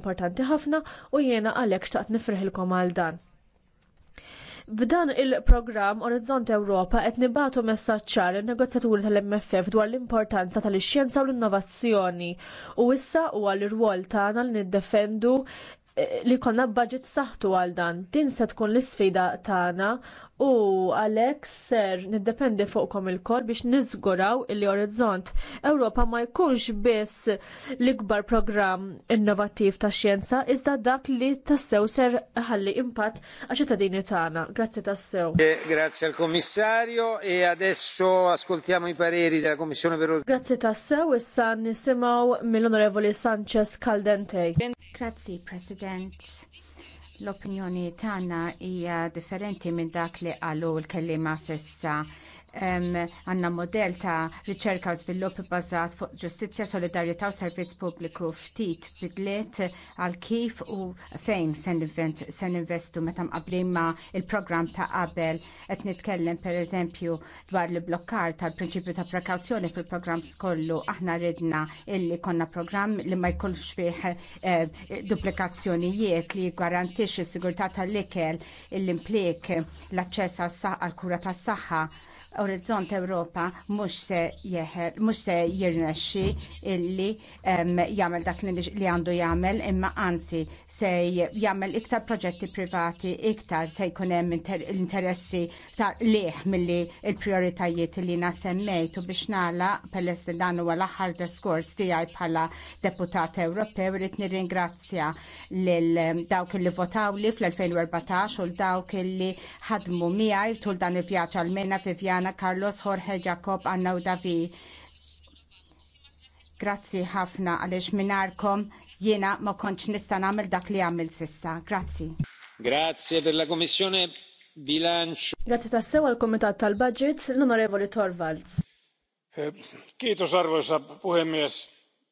importanti ħafna u jiena għalhekk xtaqt nifriħilkom għal dan. B'dan il-programm Orizzont Ewropa qed nibatu messaġġ ċar in-negozjaturi tal-MFF dwar l-importanza tal-ixxjenza u l-innovazzjoni u issa huwa l-irwol tagħna li niddefendu eh, li konna budget saħtu għal dan. Din se tkun l-isfida tagħna u għalhekk ser niddependi fuqkom il biex niżguraw li Orizzont Ewropa ma jkunx biss l-ikbar programm innovattiv ta' xjenza iżda dak li tassew ser ħalli impatt għax ċittadini tagħna. Grazzi tassew. Eh, Grazzi al Commissario e adesso ascoltiamo i pareri della Commissione per Grazzi tassew issa nisimgħu mill-Onorevoli Sanchez Caldente. Grazzi President L-opinjoni tagħna hija differenti minn dak li qalu l kelliema sissa għandna modell ta' riċerka u svilupp bbażat fuq ġustizzja, solidarjetà u servizz pubbliku ftit bidliet għal kif u fejn se ninvestu meta mqablin ma' il-programm ta' qabel qed nitkellem pereżempju dwar li blokkar tal-prinċipju ta' prekawzjoni fil-programm skollu aħna ridna illi konna programm li ma jkunx fih eh, duplikazzjonijiet li jgarantix is-sigurtà tal-ikel l-implik l-aċċess għall kura tas-saħħa Orizzont Ewropa mhux se mhux se jirnexxi illi jagħmel dak li għandu jagħmel imma anzi se jagħmel iktar proġetti privati iktar se jkun hemm interessi ta' leħ milli l prioritajiet li na semmejt u biex nagħla peress li dan huwa l-aħħar diskors tiegħi bħala deputat Ewropew irid nirringrazzja lil dawk li votaw li fl-2014 u l dawk li ħadmu miegħi tul dan il-vjaġġ għal-mejna fi vjaġġ tagħna Carlos Jorge Jacob Annaw Davi. Grazzi ħafna għalix minarkom jiena ma konċ nista nagħmel dak li għamil sissa. Grazzi. Grazie per la Commissione Bilancio. Grazie tassew għal Komitat tal-Budget l-Onorevoli Torvalds. Eh, kiitos arvoisa puhemies.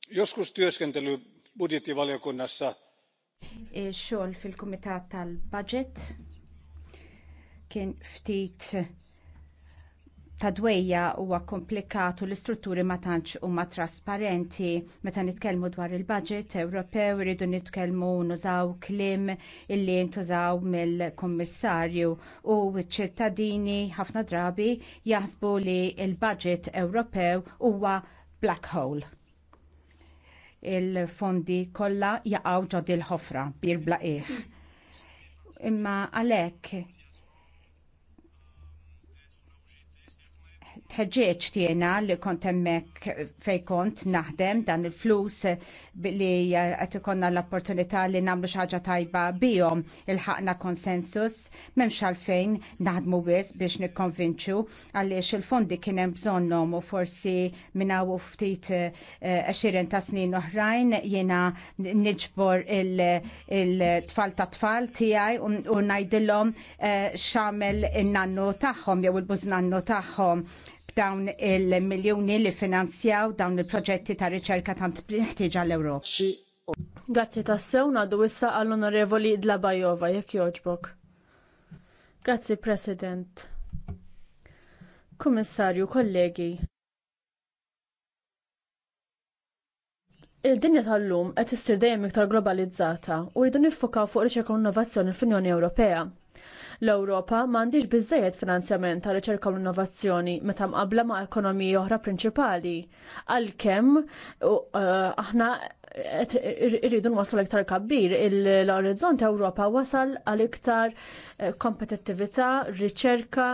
Joskus työskentely budjettivaliokunnassa e, Xol fil komitat tal-Budget kien ftit ta' dwejja huwa komplikatu l-istrutturi ma tantx huma trasparenti meta nitkellmu dwar il-budget Ewropew irridu nitkellmu nużaw kliem illi ntużaw mill-Kummissarju u ċ-ċittadini ħafna drabi jaħsbu li l budget Ewropew huwa black hole il-fondi kollha jaqgħu ġoddi l-ħofra bir blaqiħ. Imma għalhekk tħeġġeġ tiena li kont hemmhekk fejn kont naħdem dan il-flus li qed ikonna l-opportunità li nagħmlu xi ħaġa tajba bihom il ħakna konsensus m'hemmx għalfejn naħdmu wisq biex nikkonvinċu għaliex il-fondi kien hemm bżonnhom u forsi minna hawn ftit 20 eh, ta' snin oħrajn jiena niġbor il-tfal ta' tfal tiegħi u ngħidilhom eh, x'għamel in-nannu tagħhom jew il-bużnannu tagħhom dawn il-miljoni li finanzjaw dawn il-proġetti ta' riċerka tant ħtieġa l-Ewropa. Grazzi ta' sew għaddu issa għall-onorevoli Dlabajova, jekk joġbok. Grazzi, President. Kommissarju kollegi. Il-dinja tal-lum qed issir dejjem iktar globalizzata u rridu niffokaw fuq riċerka u innovazzjoni fl-Unjoni Ewropea. L-Ewropa m'għandix biżejjed finanzjament għal riċerka u l-innovazzjoni meta mqabbla ma' ekonomiji oħra prinċipali. Għalkemm eh, aħna irridu nwaslu l-iktar kabbir l-orizzont Ewropa wasal għal iktar eh, kompetittività, riċerka,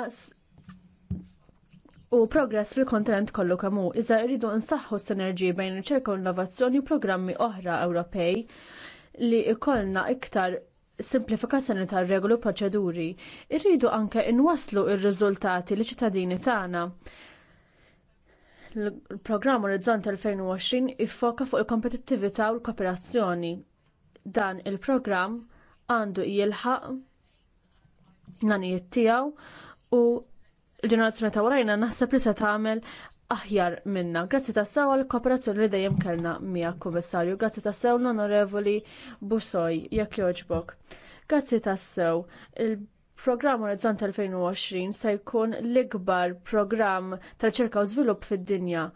u progress fil kontinent kollu kemm hu, Iżda rridu nsaħħu s-sinerġiji bejn riċerka u innovazzjoni u programmi oħra Ewropej li jkollna iktar simplifikazzjoni tar regolu proċeduri, irridu anke nwasslu r riżultati li ċittadini tagħna. Il-programm Orizzont 2020 iffoka fuq il-kompetittività u l-kooperazzjoni. Dan il-programm għandu jilħaq nanijiet tiegħu u l-ġenerazzjoni ta' warajna naħseb li se tagħmel aħjar minna. Grazzi ta' sew għal kooperazzjoni li dejjem kellna Mija kummissarju. Grazzi ta' sew l-Onorevoli Busoj, jekk jogħġbok. Grazzi ta' sew. Il-programm Orizzont 2020 se jkun l-ikbar programm ta' riċerka u żvilupp fid-dinja.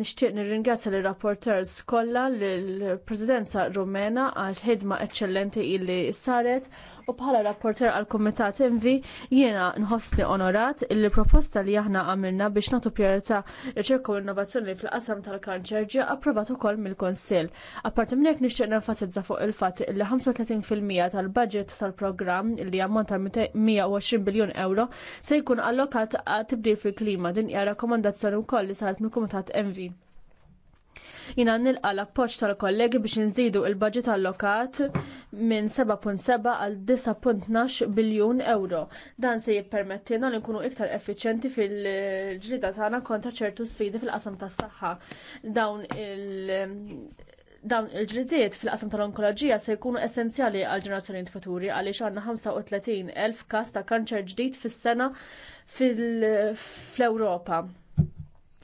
Nixtieq nirringrazzja l rapporteurs kollha lill presidenza Rumena għal ħidma eċċellenti illi saret u bħala rapporter għal komitat Envi jiena nħossni onorat il proposta li aħna għamilna biex nagħtu priorità riċerka u innovazzjoni fil-qasam tal-kanċer ġie approvat ukoll mill-Kunsill. Apparti minn hekk nixtieq nenfasizza fuq il-fatt li 35% tal-budget tal-programm li ammonta tal-120 biljun euro se jkun allokat tibdil fil-klima din hija rakkomandazzjoni wkoll li saret mill-Kumitat Envi. Jina nilqa l-appoġġ tal-kollegi biex nżidu il-budget allokat minn 7.7 għal 9.12 biljun euro. Dan se jippermettilna li nkunu iktar effiċenti fil-ġlida tagħna kontra ċertu sfidi fil-qasam tas-saħħa. Dawn il- dawn il-ġridiet fil-qasam tal-onkoloġija se jkunu essenzjali għal ġenerazzjonijiet futuri għaliex għandna 35,000 każ ta' kanċer ġdid fis-sena fl-Ewropa.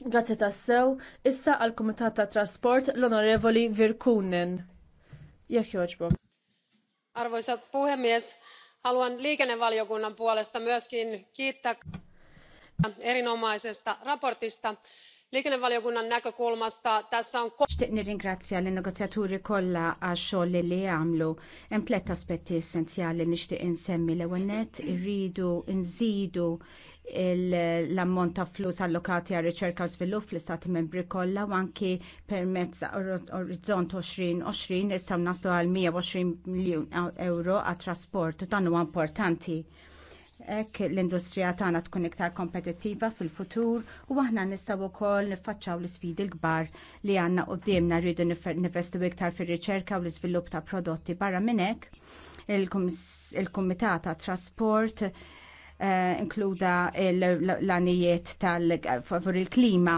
Grazzi tassew, issa għal Kumitat ta' Trasport l-Onorevoli Virkunen. Jekk joġbok. Arvoisa puhemies, haluan liikennevaliokunnan puolesta myöskin kiittää erinomaisesta raportista. Liikennevaliokunnan näkökulmasta tässä on... Xtiq nirringrazzja l-negozjaturi kollha għax-xogħol li li għamlu. Hemm tliet aspetti essenzjali nixtieq insemmi l-ewwel nett irridu nżidu l-ammont ta' flus allokati għal riċerka u svilupp fl-istati membri kollha u anki permezz Orizzont 2020 nistgħu naslu għal 120 miljun euro għat trasport u dan huwa importanti. hekk l-industrija tagħna tkun iktar kompetittiva fil-futur u aħna nistgħu wkoll niffaċċaw l-isfidi l-kbar li għandna qudiemna rridu nivestu iktar fir-riċerka u l-iżvilupp ta' prodotti barra minn hekk il-Kumitat ta' Trasport Eh, inkluda l-anijiet tal-favur il-klima,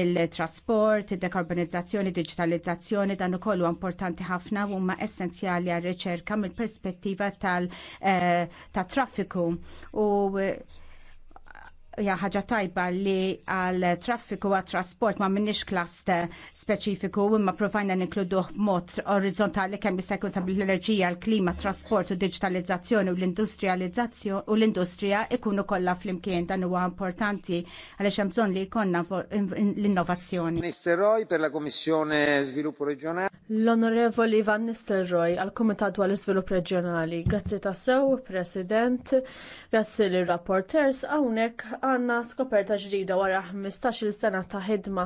il-trasport, il-dekarbonizzazzjoni, digitalizzazzjoni, dan ukoll huwa importanti ħafna u huma essenzjali għal-riċerka mill-perspettiva tal-traffiku. Eh, u ja ħaġa tajba li għal traffiku għal trasport ma minnix klast speċifiku imma provajna ninkluduh mod orizzontali kemm jista' jkun sabil l-enerġija, l-klima, trasport u digitalizzazzjoni u l-industrializzazzjoni u l-industrija ikunu kollha flimkien dan huwa importanti għaliex hemm bżonn li jkollna l-innovazzjoni. Minister Roy per la Kommissjoni Sviluppo Reġjonali. L-Onorevoli Van Roy għal Kumitat dwar l-Iżvilupp Reġjonali. Grazzi tassew, President, grazzi lir rapporters hawnhekk għanna skoperta ġdida wara 15-il sena ta' ħidma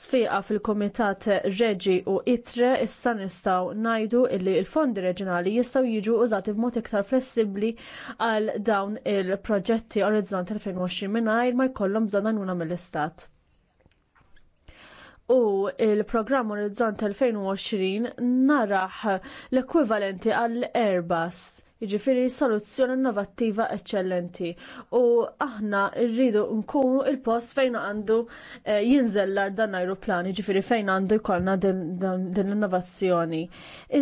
sfiqa fil-Kumitat Reġi u Itre issa nistgħu ngħidu li l-fondi reġjonali jistgħu jiġu użati b'mod iktar flessibbli għal dawn il-proġetti Orizzont 2020 mingħajr ma jkollhom bżonn għajnuna mill-Istat. U il-programm Orizzont 2020 naraħ l-ekwivalenti għall-Airbus jiġifieri soluzzjoni innovattiva eċċellenti. U aħna rridu nkunu il-post fejn għandu eh, jinżellar dan aeroplan, jiġifieri fejn għandu jkollna din l-innovazzjoni.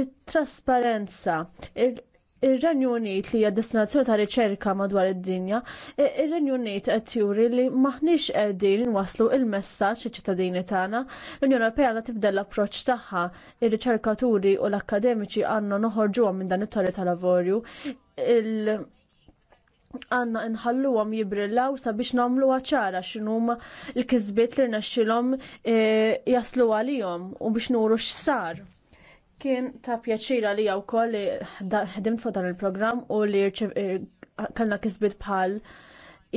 It-trasparenza, Ir-Renju Unit li hija destinazzjoni ta' riċerka madwar id-dinja, ir-Renju Unit qed juri li maħniex qegħdin inwasslu il-messaġġ iċ-ċittadini tagħna. L-Unjoni Ewropea għandha tibdel l-approċċ tagħha, ir-riċerkaturi u l-akkademiċi għandna noħorġuhom minn dan it-tolli tal-lavorju. Il għanna nħalluhom jibrillaw sabiex namlu ċara x'inhuma l-kisbiet li rnexxilhom eh, jaslu għalihom u biex nuru x'sar. Kien ta' pjaċira li jaw koll li ħdimt fuq dan il-programm u li eh, kellna kisbit bħal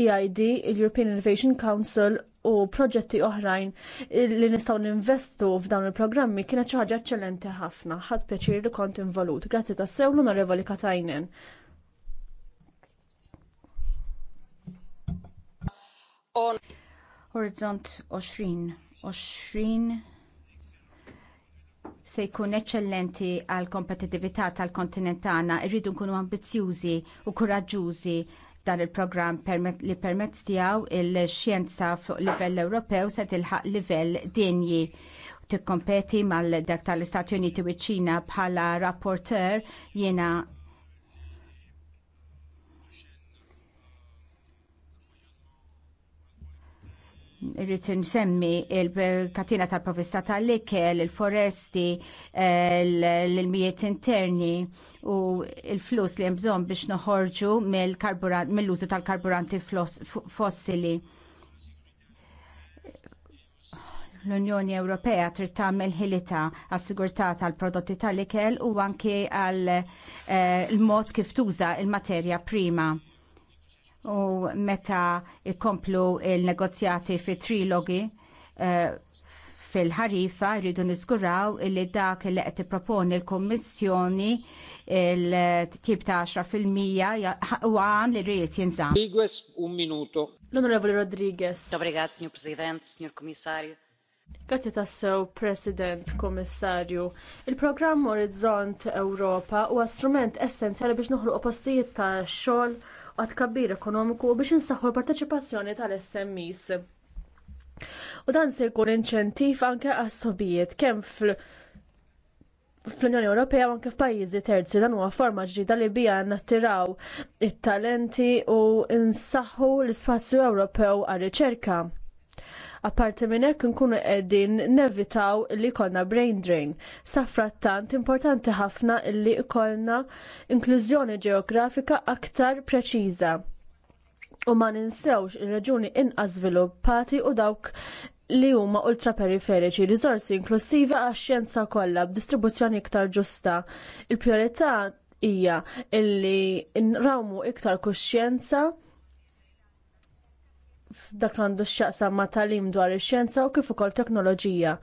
EID, il-European Innovation Council u proġetti oħrajn li nistgħu ninvestu f'dawn il-programmi kienet xi ħaġa eċċellenti ħafna. Ħadd pjaċir li kont involut. Grazzi tassew l-Onorevoli Katajnen. Orizzont 20 20 se jkun eċċellenti għal kompetitività tal-kontinent tagħna, irridu nkunu ambizzjużi u kuraġġużi dan il-programm li permezz tiegħu il-xjenza fuq livell Ewropew se tilħaq livell dinji tikkompeti mal dak tal-Istati Uniti u ċ-Ċina bħala rapporteur jiena Irrit nsemmi il-katina tal-provista tal-ikel, il-foresti, eh, l-mijiet interni u il-flus li jemżon biex noħorġu mill-użu tal-karburanti fossili. L-Unjoni Ewropea trid tagħmel ħilita għas-sigurtà tal-prodotti tal-ikel u anke għal eh, mod kif tuża il-materja prima u meta ikomplu il-negozjati fi trilogi eh, fil-ħarifa rridu niżguraw li dak li qed proponi l-Kummissjoni il-tip ta' 10% huwa għan li rrid jinżamm. Rodriguez, un minuto. L-Onorevoli Rodriguez. Obrigat, Signor President, Signor Kommissarju. Grazzi tassew, President, Kommissarju. Il-programm Orizzont Ewropa huwa strument essenzjali biex noħloq postijiet ta' xogħol għat kabbir ekonomiku biex insaħħu l-parteċipazzjoni tal-SMEs. U dan se jkun inċentiv anke għas-sobijiet kemm fl- unjoni Ewropea u anke f'pajjiżi terzi dan huwa forma ġdida li bija nattiraw it-talenti u nsaħħu l-ispazju Ewropew għar-riċerka. Apparti minn hekk nkunu qegħdin nevitaw li jkollna brain drain. Sa importanti ħafna li jkollna inklużjoni ġeografika aktar preċiża. U ma ninsewx ir-reġuni inqas żviluppati u dawk li huma ultraperiferiċi, riżorsi inklusivi għax-xjenza kollha b'distribuzzjoni iktar ġusta. Il-prijorità hija illi nrawmu iktar kuxjenza dak għandu x-xaqsam ma' talim dwar ix-xjenza u kif ukoll teknoloġija.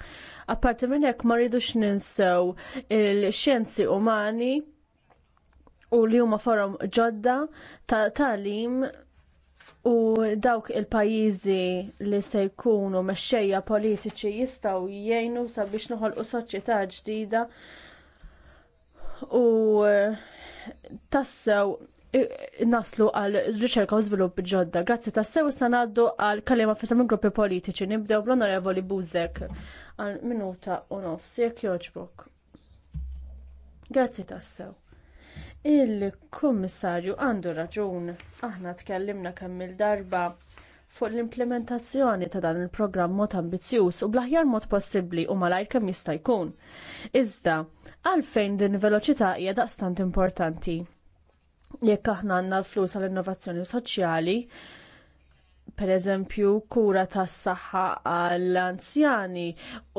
Apparti minn hekk ma rridux ninsew il-xjenzi umani u li huma forum ġodda ta' talim u dawk il-pajjiżi li se jkunu mexxejja politiċi jistgħu jgħinu sabiex noħolqu soċjetà ġdida u tassew Eh, naslu għal riċerka u żvilupp ġodda. Grazzi ta' sew sanaddu għal kalima fissa minn gruppi politiċi. Nibdew bl-onorevoli Buzek għal minuta u nofs, jekk joġbok. Grazzi ta' sew. Il-Kummissarju għandu raġun. Aħna tkellimna kemm il-darba fuq l-implementazzjoni ta' dan il-programm mod ambizzjuż u bl-aħjar mod possibbli u malajr kemm jista' jkun. Iżda, għalfejn din veloċità hija daqstant importanti jekk aħna għandna l-flus għall-innovazzjoni soċjali, pereżempju kura tas saħħa għall-anzjani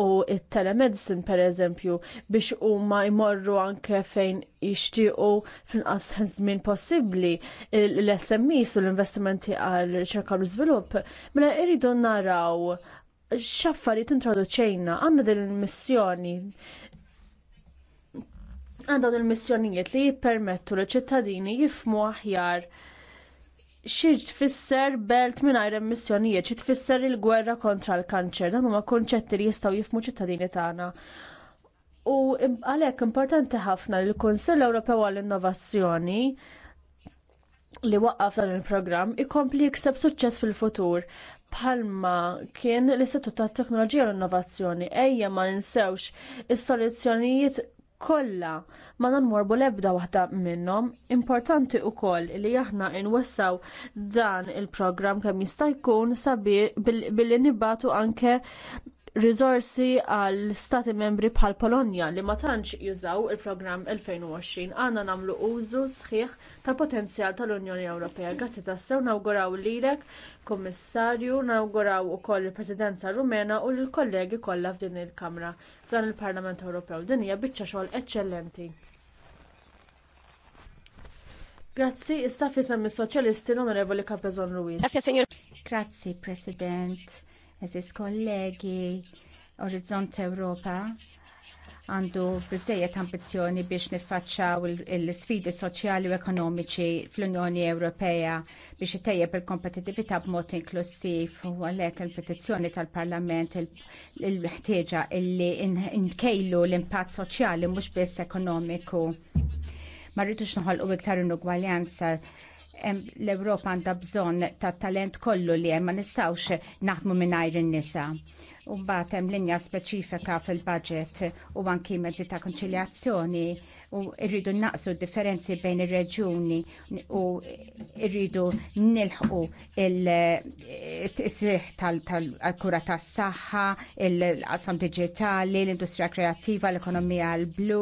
u t telemedicine pereżempju biex huma jmorru anke fejn jixtiequ fl-inqas żmien possibbli l-SMEs u l-investimenti għal ċerka u l żvilupp, mela jridu naraw t introduċejna għanna din il-missjoni dawn il-missjonijiet li jippermettu li ċittadini jifhmu aħjar xi tfisser belt mingħajr emissjonijiet, xi tfisser il-gwerra kontra l-kanċer, dan huma konċetti li jistgħu jifhmu ċittadini tagħna. U għalhekk importanti ħafna li l-Kunsill Ewropew għall-Innovazzjoni li waqqaf dan il-programm ikompli jikseb suċċess fil-futur bħalma kien l-Istitut tat Teknoloġija u l-Innovazzjoni ejja ma ninsewx is-soluzzjonijiet kollha ma nanmorbu l-ebda waħda minnhom. Importanti wkoll li aħna inwessaw dan il-programm kemm jista' jkun sabi billi nibatu anke riżorsi għal stati membri bħal Polonja li ma tantx jużaw il-programm 2020 għandna nagħmlu użu sħiħ tal-potenzjal tal-Unjoni Ewropea. Grazzi tassew nawguraw lilek, Kummissarju, nawguraw ukoll il-Presidenza Rumena u l-kollegi kollha f'din il-Kamra f'dan il-Parlament Ewropew. Din hija biċċa xogħol eċċellenti. Grazzi, istaffi semmi soċjalisti l-Onorevoli Capezon Ruiz. Grazie, President eżis kollegi, Orizzont Ewropa għandu bizzejiet ambizjoni biex nifacċaw l isfidi soċjali u ekonomiċi fl-Unjoni Ewropea biex itejjeb il-kompetitività b'mod inklusiv u għalhekk il-petizzjoni tal-Parlament il-ħtieġa illi nkejlu l-impatt soċjali mhux biss ekonomiku. Ma rridux noħolqu iktar inugwaljanza l-Ewropa għandha bżonn ta' talent kollu li hemm ma nistgħux naħdmu mingħajr in-nisa. U mbagħad hemm linja speċifika fil-budget u anki mezzi ta' konċiljazzjoni u rridu naqsu differenzi bejn ir-reġuni u rridu nilħqu il-tisih tal-kura tas-saħħa, il-qasam digitali, l-industrija kreattiva, l-ekonomija l-blu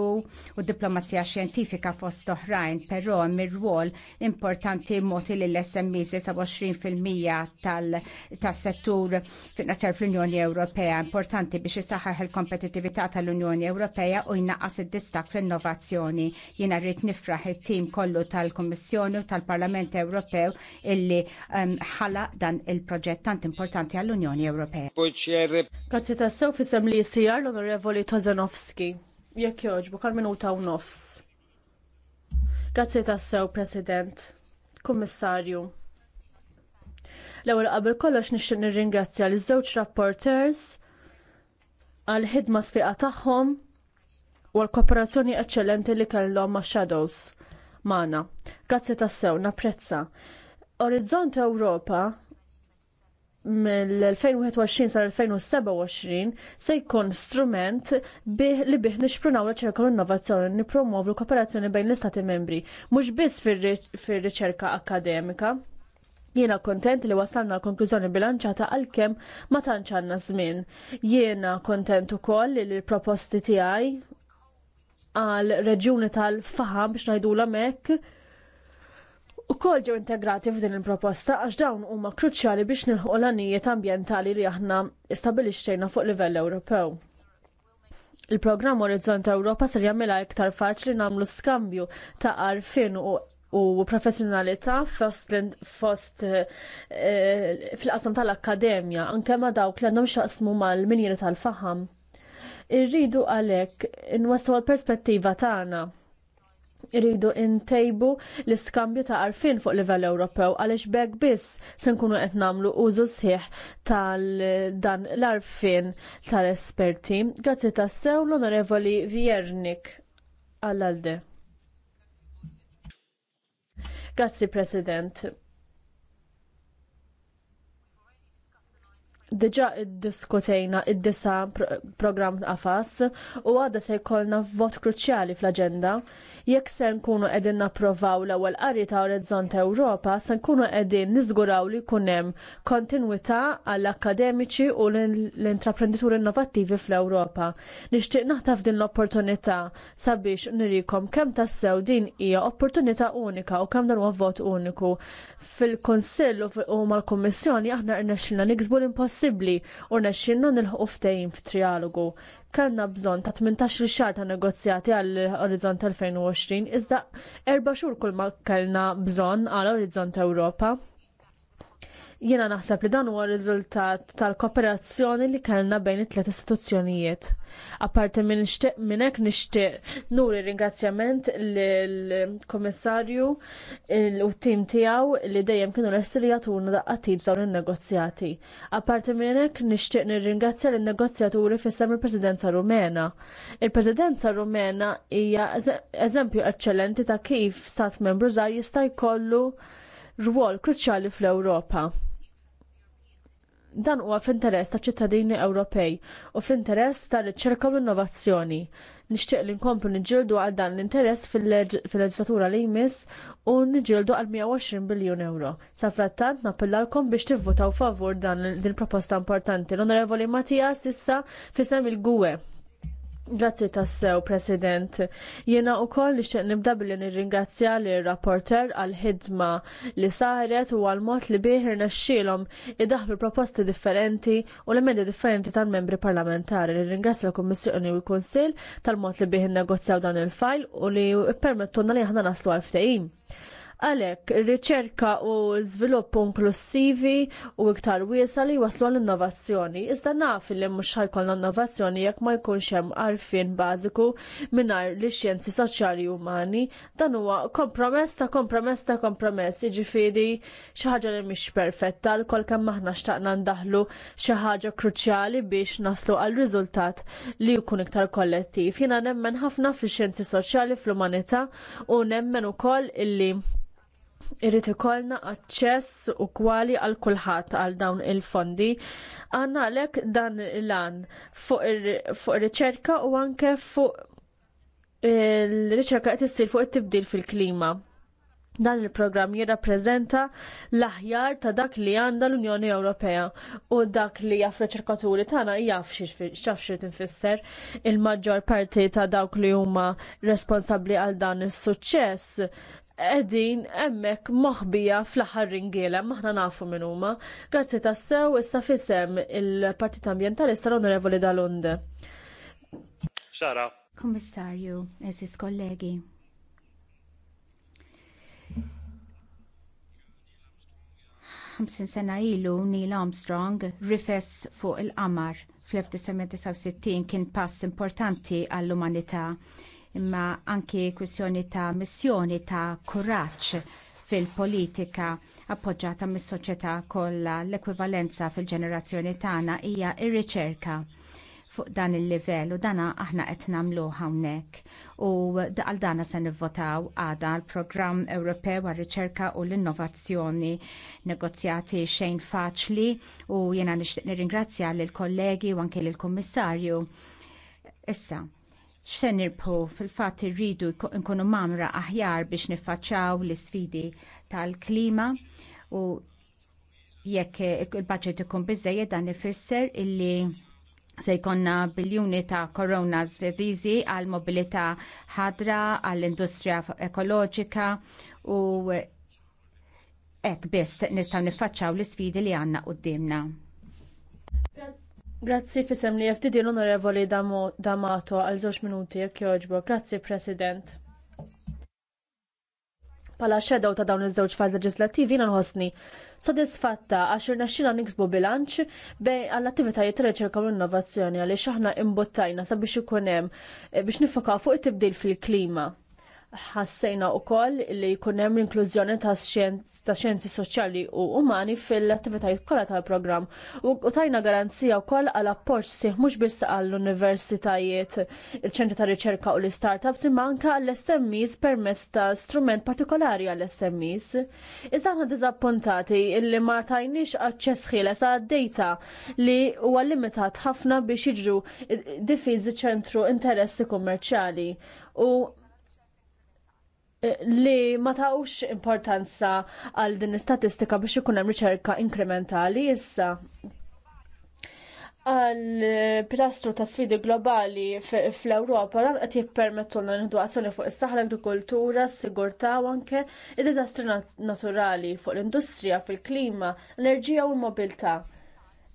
u diplomazija xjentifika fost oħrajn, però mir-rwol importanti moti li l smi 27% tal-settur finanzjar fl-Unjoni Ewropea importanti biex isaħħaħ il-kompetitività tal-Unjoni Ewropea u jnaqqas id-distak fl-innovazzjoni kommissjoni. Jina rrit rrid nifraħ it-tim kollu tal-Kummissjoni u tal-Parlament Ewropew illi ehm, ħala dan il-proġett tant importanti għall-Unjoni Ewropea. Grazzi tassew fissem li jisijar l-Onorevoli Tozanowski. Jekk joġbu kal minuta u nofs. Grazzi tassew, President, Kummissarju. L-ewwel qabel kollox nixtieq nirringrazzja l żewġ rapporters għal ħidma sfiqa tagħhom u l-kooperazzjoni eċċellenti li kellhom ma' Shadows magħna. Grazzi tassew, napprezza. Orizzont Ewropa mill-2021 sal-2027 se jkun strument li bih nixprunaw riċerka u innovazzjoni nippromovu l-kooperazzjoni bejn l-Istati membri, mhux biss fir-riċerka akademika. Jiena kontent li wasalna l-konklużjoni bilanċata għalkemm ma tantx għandna żmien. Jiena kontent ukoll li l-proposti tiegħi għal reġjuni tal-faham biex najdu l-amek u kol ġew integrati f'din il-proposta għax dawn huma kruċjali biex nilħu l għanijiet ambjentali li aħna stabilixxejna fuq livell Ewropew. Il-programm Orizzont Ewropa ser jagħmilha iktar faċli nagħmlu skambju ta' arfin u u professjonalità fost, fost eh, eh, fil-qasam tal-akkademja anke ma dawk li għandhom xaqsmu mal minjiri tal-faham Irridu għalhekk inwaslu l perspettiva tagħna irridu ntejbu l-iskambju ta' arfin fuq livell Ewropew għaliex bekk biss se nkunu qed nagħmlu użu sħiħ tal-dan l-arfin tal-esperti. Grazzi tassew l-Onorevoli Viernik għall-Alde. Grazzi President. Diġa id-diskutejna id-disa program għafas u għada se jkollna vot kruċjali fl-agenda. Jekk se nkunu edin napprovaw l ewwel qari ta' Orizzont Ewropa, se nkunu edin nizguraw li kunem kontinuità għall-akademiċi u l-intraprenditur innovativi fl-Ewropa. Nixtieq naħtaf din l-opportunità sabiex nirikom kemm tassew din hija opportunità unika u kemm dan huwa vot uniku. Fil-Konsill u mal-Kummissjoni aħna rnexxilna niksbu l-impost possibbli u nexxinna nilħu ftehim f'trialogu. Kellna bżonn ta' 18 xar ta' negozjati għall Orizzont 2020 iżda erba' xhur kull ma kellna bżonn għall Orizzont Ewropa. Jiena naħseb li dan huwa riżultat tal-kooperazzjoni li kellna bejn it-tliet istituzzjonijiet. Apparti minn nixtieq minn hekk nixtieq nuri ringrazzjament lill-Kummissarju u tim tiegħu li dejjem kienu lesti li jagħtuna daqqatit dawn in-negozjati. Apparti minn hekk nixtieq nirringrazzja lin-negozjaturi fis-sem il-Presidenza Rumena. Il-Presidenza Rumena hija eżempju eċċellenti ta' kif stat membru żgħar jista' jkollu rwol kruċjali fl-Ewropa. Dan huwa fl-interess ta' ċittadini Ewropej u fl-interess ta' riċerka u innovazzjoni. Nixtieq li nkomplu niġġieldu għal dan l-interess fil-leġislatura li jmiss u niġġieldu għal 120 biljun euro. Sa frattant nappellalkom biex tivvotaw favur dan din proposta importanti. L-Onorevoli Mattias issa fisem il-Gwe. Grazzi tassew, President. Jena u koll li xeq nibda billi nirringrazzja li rapporter għal-ħidma li saret u għal-mod li biħir naxxilom id-daħlu proposti differenti u l-emendi differenti tal-membri parlamentari. Nirringrazzja l-Kommissjoni u l-Konsil tal-mod li biħir negozjaw dan il-fajl u li permettuna li ħna naslu għal-ftejim. Għalhekk ir-riċerka u l-żvilupp inklusivi u iktar wiesa li waslu l-innovazzjoni. Iżda naf li mhux ħajkollna innovazzjoni jekk ma jkunx hemm għarfien bażiku mingħajr li xjenzi soċjali umani. Dan huwa kompromess ta' kompromess ta' kompromess, jiġifieri xi ħaġa li mhix perfetta l kemm aħna xtaqna ndaħlu xi ħaġa kruċjali biex naslu għal riżultat li jkun iktar kollettiv. Jiena nemmen ħafna fix-xjenzi soċjali fl-umanità u nemmen ukoll illi irrid ikollna aċċess kwali għal kulħadd għal dawn il-fondi. Għandna għalhekk dan l-an fuq ir-riċerka u anke fuq il-riċerka qed issir fuq it-tibdil fil-klima. Dan il-programm jirrappreżenta l-aħjar ta' dak li għandha l-Unjoni Ewropea u dak li jaf riċerkaturi tagħna jaf xi tinfisser il-maġġor parti ta' dawk li huma responsabbli għal dan is-suċċess qegħdin hemmhekk moħbija fl-aħħar ringiela maħna nafu minn huma. Grazzi tassew issa fisem il-Partit Ambientalista l-Onorevoli Dalunde. Xara. Kommissarju, eżis kollegi. Hamsin sena ilu Neil Armstrong rifess fuq il-qamar fl-1969 kien pass importanti għall-umanità imma anki kwistjoni ta' missjoni ta' kuraġġ fil-politika appoġġata mis-soċjetà kollha l-ekwivalenza fil-ġenerazzjoni tagħna hija r-riċerka fuq dan il-livell u dana aħna qed nagħmlu hawnhekk. U għal dana se nivvotaw għada l-Programm Ewropew għar-Riċerka u l-Innovazzjoni negozjati xejn faċli u jiena nixtieq nirringrazzja lill kollegi u anke lill kummissarju Issa, nirbħu fil-fatt irridu nkunu mamra aħjar biex niffaċċaw l-isfidi tal-klima u jekk il-budget ikun biżejjed dan ifisser illi se jkonna biljuni ta' korona svedizi għal mobilità ħadra, għall industrija ekoloġika u ek biss nistaw niffaċċaw l isfidi li għanna qoddimna. Grazie. Grazzi fisem li jeftidi l-onorevoli Damato għal żewġ minuti jekk jogħġbu. Grazzi President. Pala xedaw ta' dawn iż-żewġ fajz leġislattivi jiena nħossni sodisfatta għax irnexxina niksbu bilanċ bej għall-attivitajiet riċerka u innovazzjoni għaliex aħna imbottajna sabiex ikun hemm eh, biex nifokaw fuq it-tibdil fil-klima ħassejna wkoll li jkun hemm l-inklużjoni ta' xjenzi soċjali u umani fil-attivitajiet kollha tal-programm u tajna garanzija wkoll għal appoġġ siħ mhux biss għall-universitajiet, il-ċentri ta' riċerka u l-startups imma anke għall-SMEs permezz ta' strument partikolari għall-SMEs. Iżda dizappuntati diżappuntati li ma tajniex aċċess ħieles għad-data li huwa limitat ħafna biex jiġru diffiżi ċentru interessi kummerċjali u li ma tawx importanza għal din istatistika biex ikun hemm riċerka inkrementali issa għal pilastru ta' sfidi globali fl-Ewropa dan qed jippermettulna nieħdu azzjoni fuq is-saħħa l-agrikoltura, s-sigurtà u anke id-diżastri naturali fuq l-industrija, fil-klima, l-enerġija u l-mobilità.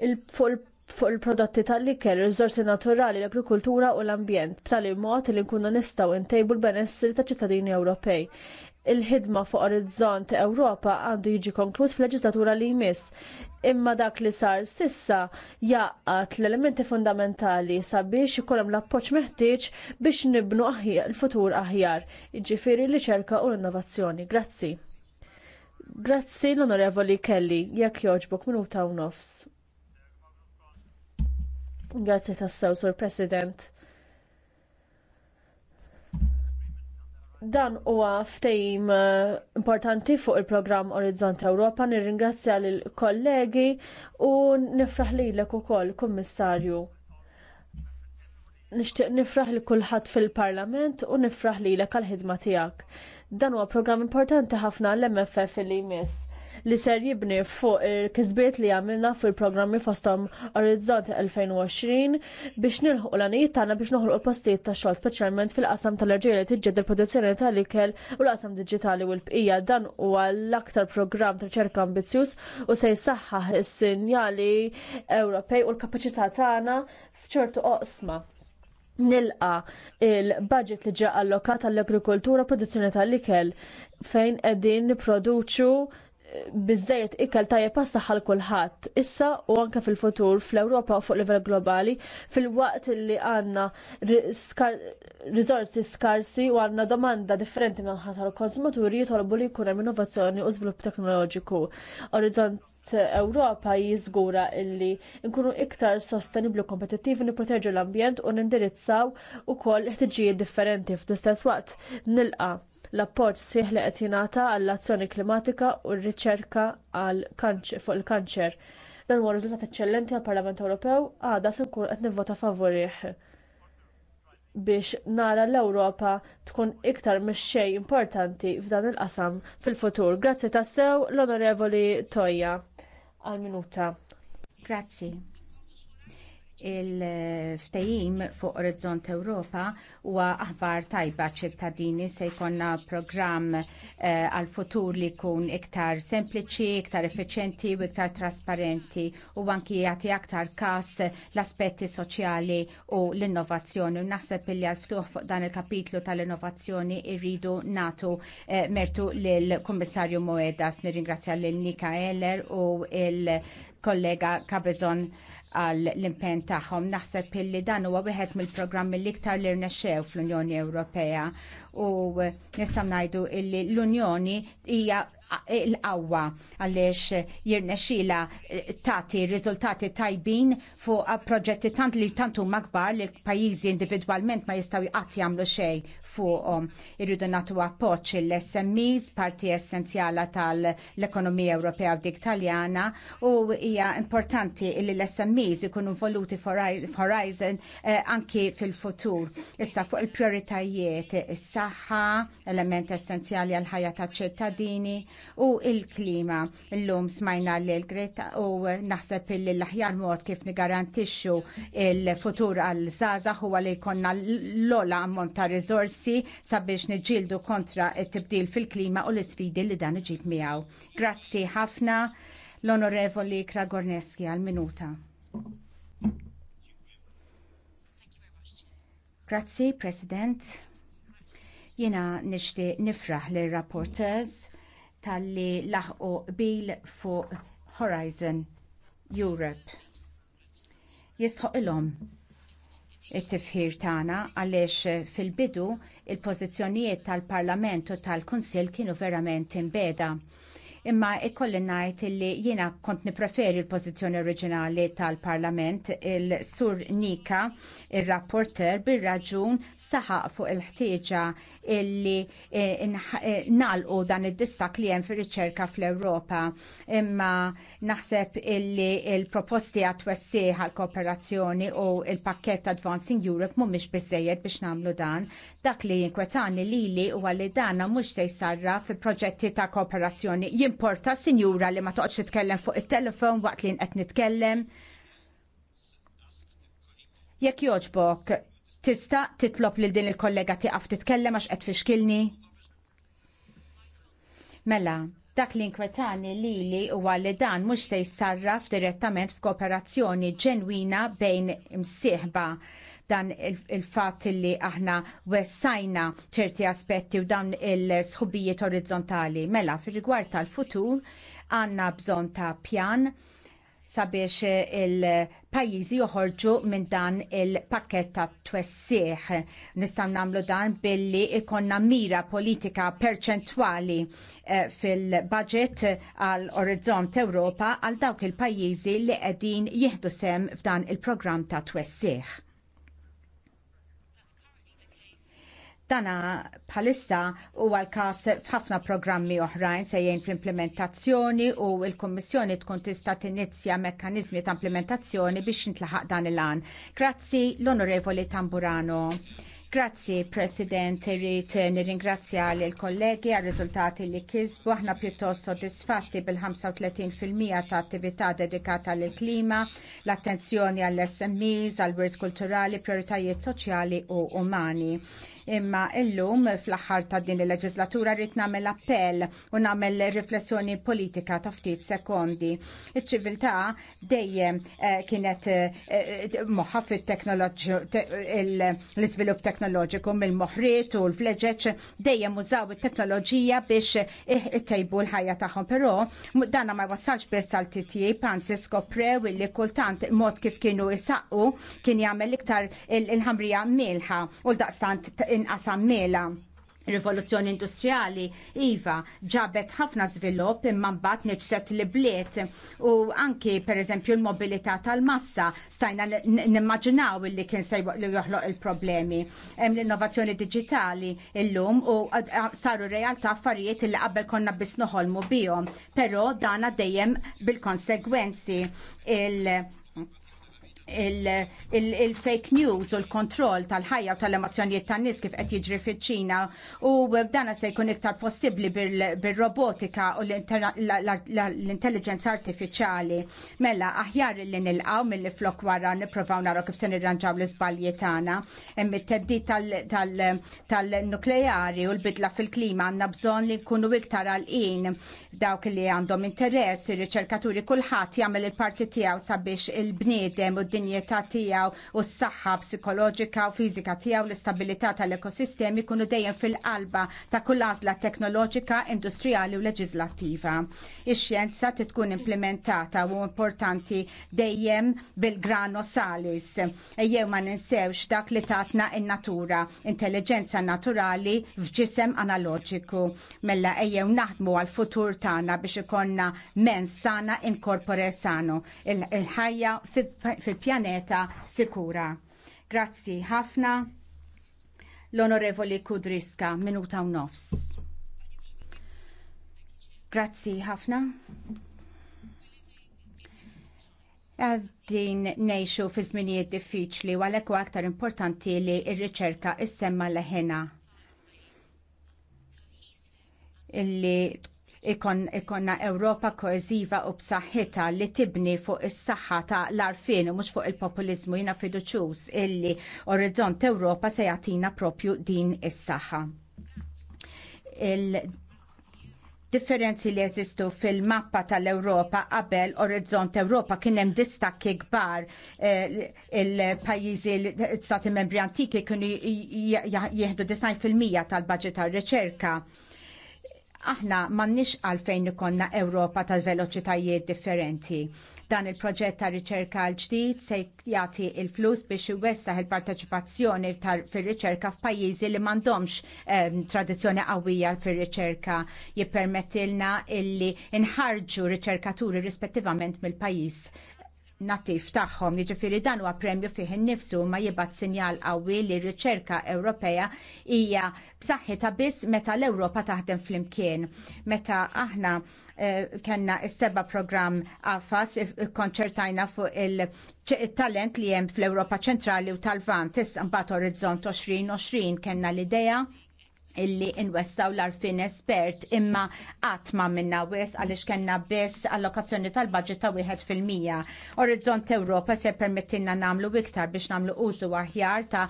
il Fuq fuq il-prodotti tal-ikel, il-rizorsi naturali, l-agrikultura u l-ambjent, b'tali mod li nkunu nistgħu ntejbu l-benessri ta' ċittadini Ewropej. Il-ħidma fuq Orizzont Ewropa għandu jiġi konkluż fil-leġislatura li jmiss. Imma dak li sar sissa jaqqat l-elementi fundamentali sabiex ikollhom l-appoġġ meħtieġ biex nibnu l-futur aħjar, jiġifieri l-riċerka u l-innovazzjoni. Grazzi. Grazzi l-Onorevoli Kelly, jekk jogħġbok minuta u nofs. Grazzi tassew, Sur President. Dan huwa ftehim eh, importanti fuq il-programm Orizzont Ewropa, nirringrazzja l kollegi u nifraħ lilek ukoll, Kummissarju. Nixtieq nifraħ li kulħadd fil-Parlament u nifraħ lilek għall ħidma tiegħek. Dan huwa programm importanti ħafna l-MFF li jmiss li ser jibni fuq il-kisbiet li għamilna fil-programmi fostom Orizzont 2020 biex nilħu l-għanijiet tagħna biex noħolqu postijiet ta' xogħol speċjalment fil-qasam tal-irġiel li ġed il-produzzjoni tal-ikel u l-qasam digitali u l-bqija dan huwa l-aktar program ta' ċerka ambizjus u se jsaħħaħ is-sinjali Ewropej u l-kapaċità tagħna f'ċertu oqsma nilqa il-budget li ġa allokat għall agrikoltura produzzjoni tal-ikel fejn qegħdin produċu bizzejet ikkal tajjeb pasta saħħa kulħadd issa u anke fil-futur fl-Ewropa u fuq livell globali fil-waqt li għandna risorsi skarsi u għandna domanda differenti minn ħatar u konsumaturi jitolbu li jkun hemm innovazzjoni u żvilupp teknoloġiku. Orizzont Ewropa jiżgura illi nkunu iktar sostenibli u kompetittivi nipproteġu l-ambjent u nindirizzaw ukoll ħtiġijiet differenti fl-istess waqt nilqa' l-appoġġ sieħ li qed jingħata għall-azzjoni klimatika u r-riċerka fuq il-kanċer. Dan huwa riżultat eċċellenti għall-Parlament Ewropew għadha se nkun qed nivvota favorih biex nara l-Ewropa tkun iktar mixxej importanti f'dan il-qasam fil-futur. Grazzi tassew l-Onorevoli Toja għal-minuta. Grazzi il-ftehim fuq Orizzont Ewropa huwa aħbar tajba ċittadini se jkollna programm eh, għal uh, futur li jkun iktar sempliċi, iktar efficienti u iktar trasparenti u anki jagħti aktar każ l-aspetti soċjali u l-innovazzjoni. Naħseb li għal ftuħ fuq dan il-kapitlu tal-innovazzjoni irridu natu uh, mertu lill-Kummissarju Moedas nirringrazzja lil Nika Eller u il kollega Cabezon għal l-impen tagħhom. Naħseb illi dan huwa wieħed mill-programmi l-iktar li rnexxew fl-Unjoni Ewropea u nistgħu ngħidu illi l-Unjoni hija il-qawwa għaliex jirnexxila eh, tagħti riżultati tajbin fuq proġetti tant li tant huma kbar li pajjiżi individwalment ma jistgħu qatt jagħmlu xejn fuqhom. Irridu nagħtu appoġġ l-SMEs, parti essenzjala tal-ekonomija Ewropea u dik Taljana u hija importanti li l-SMEs ikunu voluti f'Horizon eh, anki fil-futur. Issa fuq il-prioritajiet is-saħħa, element essenzjali għal ħajja taċ-ċittadini, u il-klima. L-lum smajna l-Greta u naħseb l-aħjar mod kif nigarantixxu il-futur għal zaza huwa li jkollna l-ola ammont ta' sabiex niġġieldu kontra t-tibdil fil-klima u l isfidi li dan iġib miegħu. Grazzi ħafna l-Onorevoli Kragorneski għal-minuta. Grazzi, President. Jena nishti nifraħ l rapporteurs tal-li laħqu bil fuq Horizon Europe. Jistħoq it-tifħir tagħna għaliex fil-bidu il-pożizzjonijiet tal-Parlament u tal-Kunsill kienu verament imbeda imma ikkolli ngħid li jiena kont nipreferi l-pożizzjoni oriġinali tal-Parlament il-Sur Nika, ir-rapporter il sur nika ir rapporter bil bir raġun saħaq fuq il-ħtieġa illi eh, eh, nalqu dan id-distak li hemm fir-riċerka fl-Ewropa. Imma naħseb illi il-proposti għat-twessieħ għal-kooperazzjoni u il-pakket Advancing Europe mhumiex bizzejed biex nagħmlu dan. Dak li jinkwetani lili huwa li dan mhux se jsarra fi proġetti ta' kooperazzjoni Importa sinjura li ma toqgħodx titkellem fuq it-telefon waqt li qed nitkellem? Jekk jogħġbok, tista' titlob lil din il-kollega tiqaf titkellem għax qed fixkilni? Mela, dak li nkwetani li li huwa li dan mhux se jsarraf direttament f'kooperazzjoni ġenwina bejn imsieħba dan il-fatt il li aħna wessajna ċerti aspetti u dan il-sħubijiet orizzontali. Mela, fir rigward tal-futur, għanna bżon ta' pjan sabiex il-pajjiżi joħorġu minn dan il-pakket ta' twessieħ. Nistgħu nagħmlu dan billi ikonna mira politika perċentwali eh, fil-budget eh, għal orizzont Ewropa għal dawk il-pajjiżi li qegħdin jieħdu sem f'dan il-programm ta' twessieħ. Dana bħalissa huwa l-każ f'ħafna programmi oħrajn se jgħin fl-implementazzjoni u l-Kummissjoni tkun tista' tinizja mekkaniżmi ta' implementazzjoni biex intlaħaq dan il-għan. Grazzi l-Onorevoli Tamburano. Grazzi, President, irrit nirringrazzja l kollegi għal riżultati li kisbu. Aħna pjuttost soddisfatti bil-35% ta' attività dedikata lill klima l-attenzjoni għall smes għall wirt kulturali, prioritajiet soċjali u umani. Imma illum fl-aħħar ta' din il-leġislatura rrid nagħmel appell u nagħmel riflessjoni politika ta' ftit sekondi. Iċ-ċiviltà dejjem eh, kienet eh, eh, moħħa fit l-iżvilupp teknoloġiku mill-moħriet u l-fleġeċ dejjem użaw it-teknoloġija biex ittejbu l-ħajja tagħhom, però danna ma wassalx biss għal titjib anzi skoprew li kultant mod kif kienu isaqqu kien jagħmel iktar il-ħamrija milħa u l-daqstant inqasammela Rivoluzzjoni industriali, Iva, ġabet ħafna svilupp imma mbagħad niġset li bliet u anki per eżempju l-mobilità tal-massa stajna nimmaġinaw li kien se joħloq il-problemi. Hemm l-innovazzjoni diġitali illum u saru realtà affarijiet li qabel konna biss noħolmu bihom, però dana dejjem bil-konsegwenzi il- il-fake news u l-kontroll tal-ħajja u tal-emozjonijiet tan-nies kif qed jiġri fiċ-Ċina u dana se jkun iktar possibbli bir-robotika u l-intelligenza artifiċjali. Mela aħjar li nilqgħu milli flok wara nippruvaw naraw kif se nirranġaw l-iżbalji tagħna. Hemm it-teddid tal-nukleari u l-bidla fil-klima għandna bżonn li nkunu iktar għalqin dawk li għandhom interess, ir-riċerkaturi kulħadd jagħmel il-parti tiegħu sabiex il-bniedem u id-dinjeta tiegħu u s-saħħa psikoloġika u fiżika tiegħu l-istabilità tal-ekosistemi jkunu dejjem fil-qalba ta' kull għażla teknoloġika, industrijali u leġislattiva. Ix-xjenza tkun implementata u importanti dejjem bil-grano salis. Ejjew ma ninsewx dak li tatna in-natura, intelligenza naturali f'ġisem analoġiku. Mella ejjew naħdmu għal-futur tagħna biex ikonna men sana inkorpore sano il-ħajja fil pjaneta sikura. Grazzi ħafna l-Onorevoli Kudriska minuta u nofs. Grazzi ħafna. Għaddin nejxu fi zminijiet diffiċli u għalhekk aktar importanti li r-riċerka issemma leħena illi ikon, ikonna Ewropa koeziva u b'saħħitha li tibni fuq is-saħħa ta' l arfien u mhux fuq il-populiżmu jiena fiduċjuż illi Orizzont Ewropa se jagħtina propju din is-saħħa. Il differenzi li jeżistu fil-mappa tal-Europa qabel Orizzont Europa kien hemm distakki kbar eh, il-pajjiżi l-Stati membri antiki kienu jieħdu 90% tal-baġġet tar-riċerka aħna m'għandniex għalfejn ikonna Ewropa tal-veloċitajiet differenti. Dan il-proġett ta' riċerka l-ġdid se jagħti il-flus biex iwessaħ il-parteċipazzjoni fir-riċerka f'pajjiżi li m'għandhomx ehm, tradizzjoni qawwija fir-riċerka jippermettilna illi nħarġu riċerkaturi rispettivament mill-pajjiż nattif tagħhom. Jiġifieri dan huwa premju fih innifsu ma jibgħat sinjal qawwi li r-riċerka Ewropea hija b'saħħitha biss meta l-Ewropa taħdem flimkien. Meta aħna eh, kellna s-seba programm AFAS eh, konċertajna fuq il-talent li hemm fl-Ewropa ċentrali u tal-Vant, issa mbagħad Orizzont 2020 kellna l-idea illi inwessaw l-arfin espert imma għatma minna wess għalix kena biss allokazzjoni tal-budget ta' 1%. Orizzont Ewropa se permettinna namlu iktar biex namlu użu aħjar ta'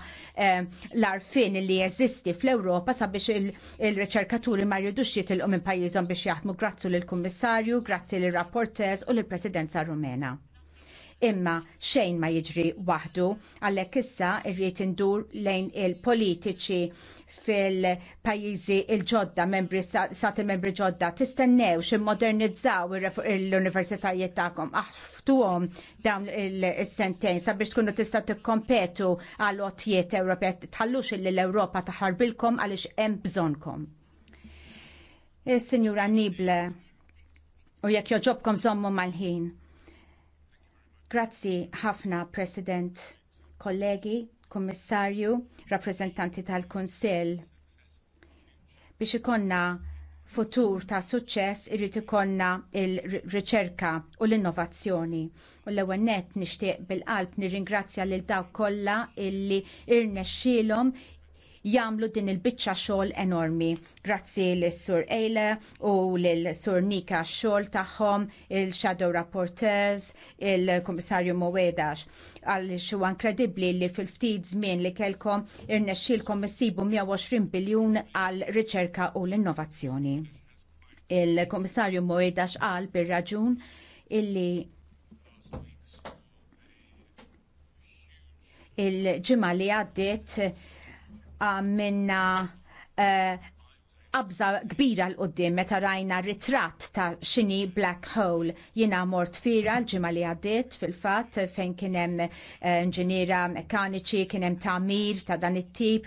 eh, l-arfin illi jeżisti fl-Ewropa sabiex il-reċerkaturi il ma rridux jitilqu minn pajjiżhom biex jaħdmu. Grazzu l-Kummissarju, grazzi l-Rapportez u l-Presidenza Rumena imma xejn ma jiġri waħdu għalhekk issa rrid indur lejn il-politiċi fil-pajjiżi il-ġodda membri sati membri ġodda tistennew modernizzaw l-universitajiet tagħkom aħftuhom dawn il sentejn sabiex tkunu tista' tikkompetu għal otjiet Ewropej tħallux l-Ewropa taħarbilkom għaliex hemm bżonnkom. Eh, sinjura Nible u jekk joġobkom zommu mal-ħin. Grazzi ħafna, President, kollegi, Kummissarju, rappreżentanti tal-Kunsill. Biex ikonna futur ta' suċċess irrid ikollna il-riċerka u l-innovazzjoni. U l-ewwel nett nixtieq bil-qalb nirringrazzja lil dawk kollha illi irnexxielhom Jamlu din il-biċċa xogħol enormi. Grazzi lis-Sur Eile u lill-Sur Nika xogħol tagħhom, il-Shadow Rapporteurs, il-Kummissarju Mowedax għal xu inkredibbli li fil-ftit żmien li kelkom irnexxilkom issibu 120 biljun għal riċerka u l-innovazzjoni il-komissarju Mowedax għal bir-raġun illi il-ġimma li għaddiet minna eh, qabża kbira l qoddim meta rajna ritratt ta' xini black hole. Jiena mort fira l-ġimgħa li għaddit fil-fatt fejn kien hemm eh, inġiniera mekaniċi, kien hemm ta'mir ta' dan it-tip.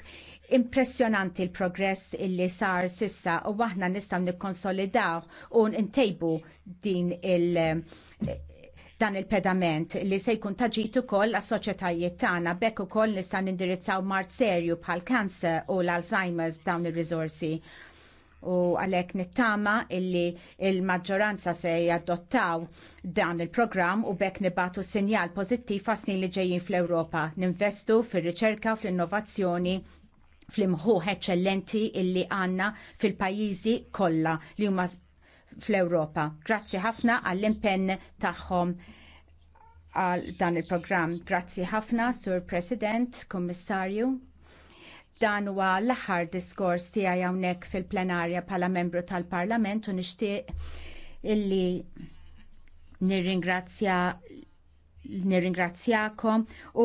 Impressjonanti l-progress illi sar sissa u aħna nistgħu nikkonsolidaw u ntejbu din il- dan il-pedament li se jkun taġit ukoll għas-soċjetajiet tagħna bekk ukoll nista' nindirizzaw mart serju bħal kanser u l-Alzheimer's dawn ir-riżorsi u għalhekk nittama illi il-maġġoranza se jadottaw dan il programm u bekk nibatu sinjal għas snin li ġejjin fl ewropa Ninvestu fir riċerka fl-innovazzjoni, fl-imħuħ eccellenti illi għanna fil-pajizi kolla li huma fl-Ewropa. Grazzi ħafna għall-impenn tagħhom għal dan il-programm. Grazzi ħafna, Sur President, Kommissarju. Dan huwa l-aħħar diskors tiegħi hawnhekk fil-plenarja bħala membru tal-Parlament u nixtieq illi nirringrazzja nirringrazzjakom u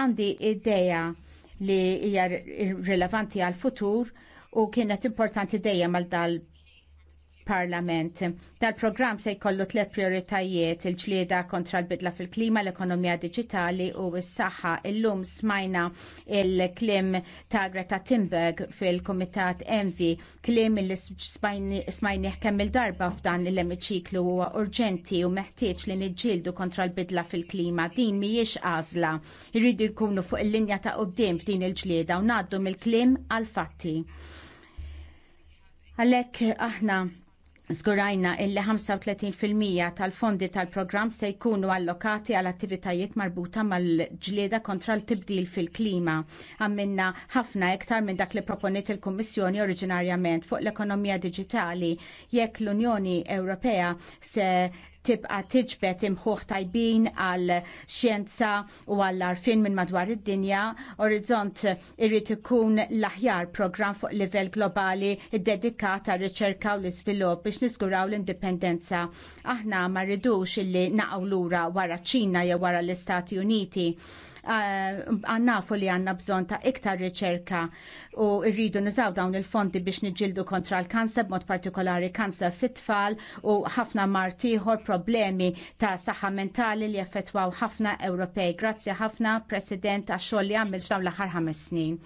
għandi ideja li hija rilevanti għal futur u kienet importanti dejjem għal dal parlament tal programm se jkollu tliet prioritajiet il-ġlieda kontra l-bidla fil-klima, l-ekonomija diġitali u s-saħħa. Illum smajna il-klim ta' Greta Thunberg fil-Komitat Envi, klim li smajnieh kemm il-darba f'dan l-emiċiklu huwa urġenti u meħtieġ li niġġieldu kontra l-bidla fil-klima. Din mhijiex għażla. Irridu jkunu fuq il-linja ta' qudiem f'din il-ġlieda u ngħaddu mill-klim għal-fatti. Għalhekk aħna Zgurajna illi 35% tal-fondi tal-programm se jkunu allokati għal attivitajiet marbuta mal-ġlieda kontra l-tibdil fil-klima. Għamminna ħafna iktar minn dak li proponiet il-Kummissjoni oriġinarjament fuq l-ekonomija digitali jekk l-Unjoni Ewropea se tibqa tiġbet imħuħ tajbin għal xjenza u għall arfin minn madwar id-dinja, Orizzont irrid ikun l-aħjar program fuq livell globali dedikat għal riċerka u l-iżvilupp biex niżguraw l-indipendenza. Aħna ma rridux illi naqgħu lura wara Ċina jew wara l-Istati Uniti fu li għanna bżon ta' iktar riċerka u rridu nizaw dawn il-fondi biex niġildu kontra l-kanser, mod partikolari kanser fit-tfal u ħafna martiħor problemi ta' saħħa mentali li jaffetwaw ħafna Ewropej. Grazzi ħafna, President, għaxxol li għamil f'dawn l ħames snin.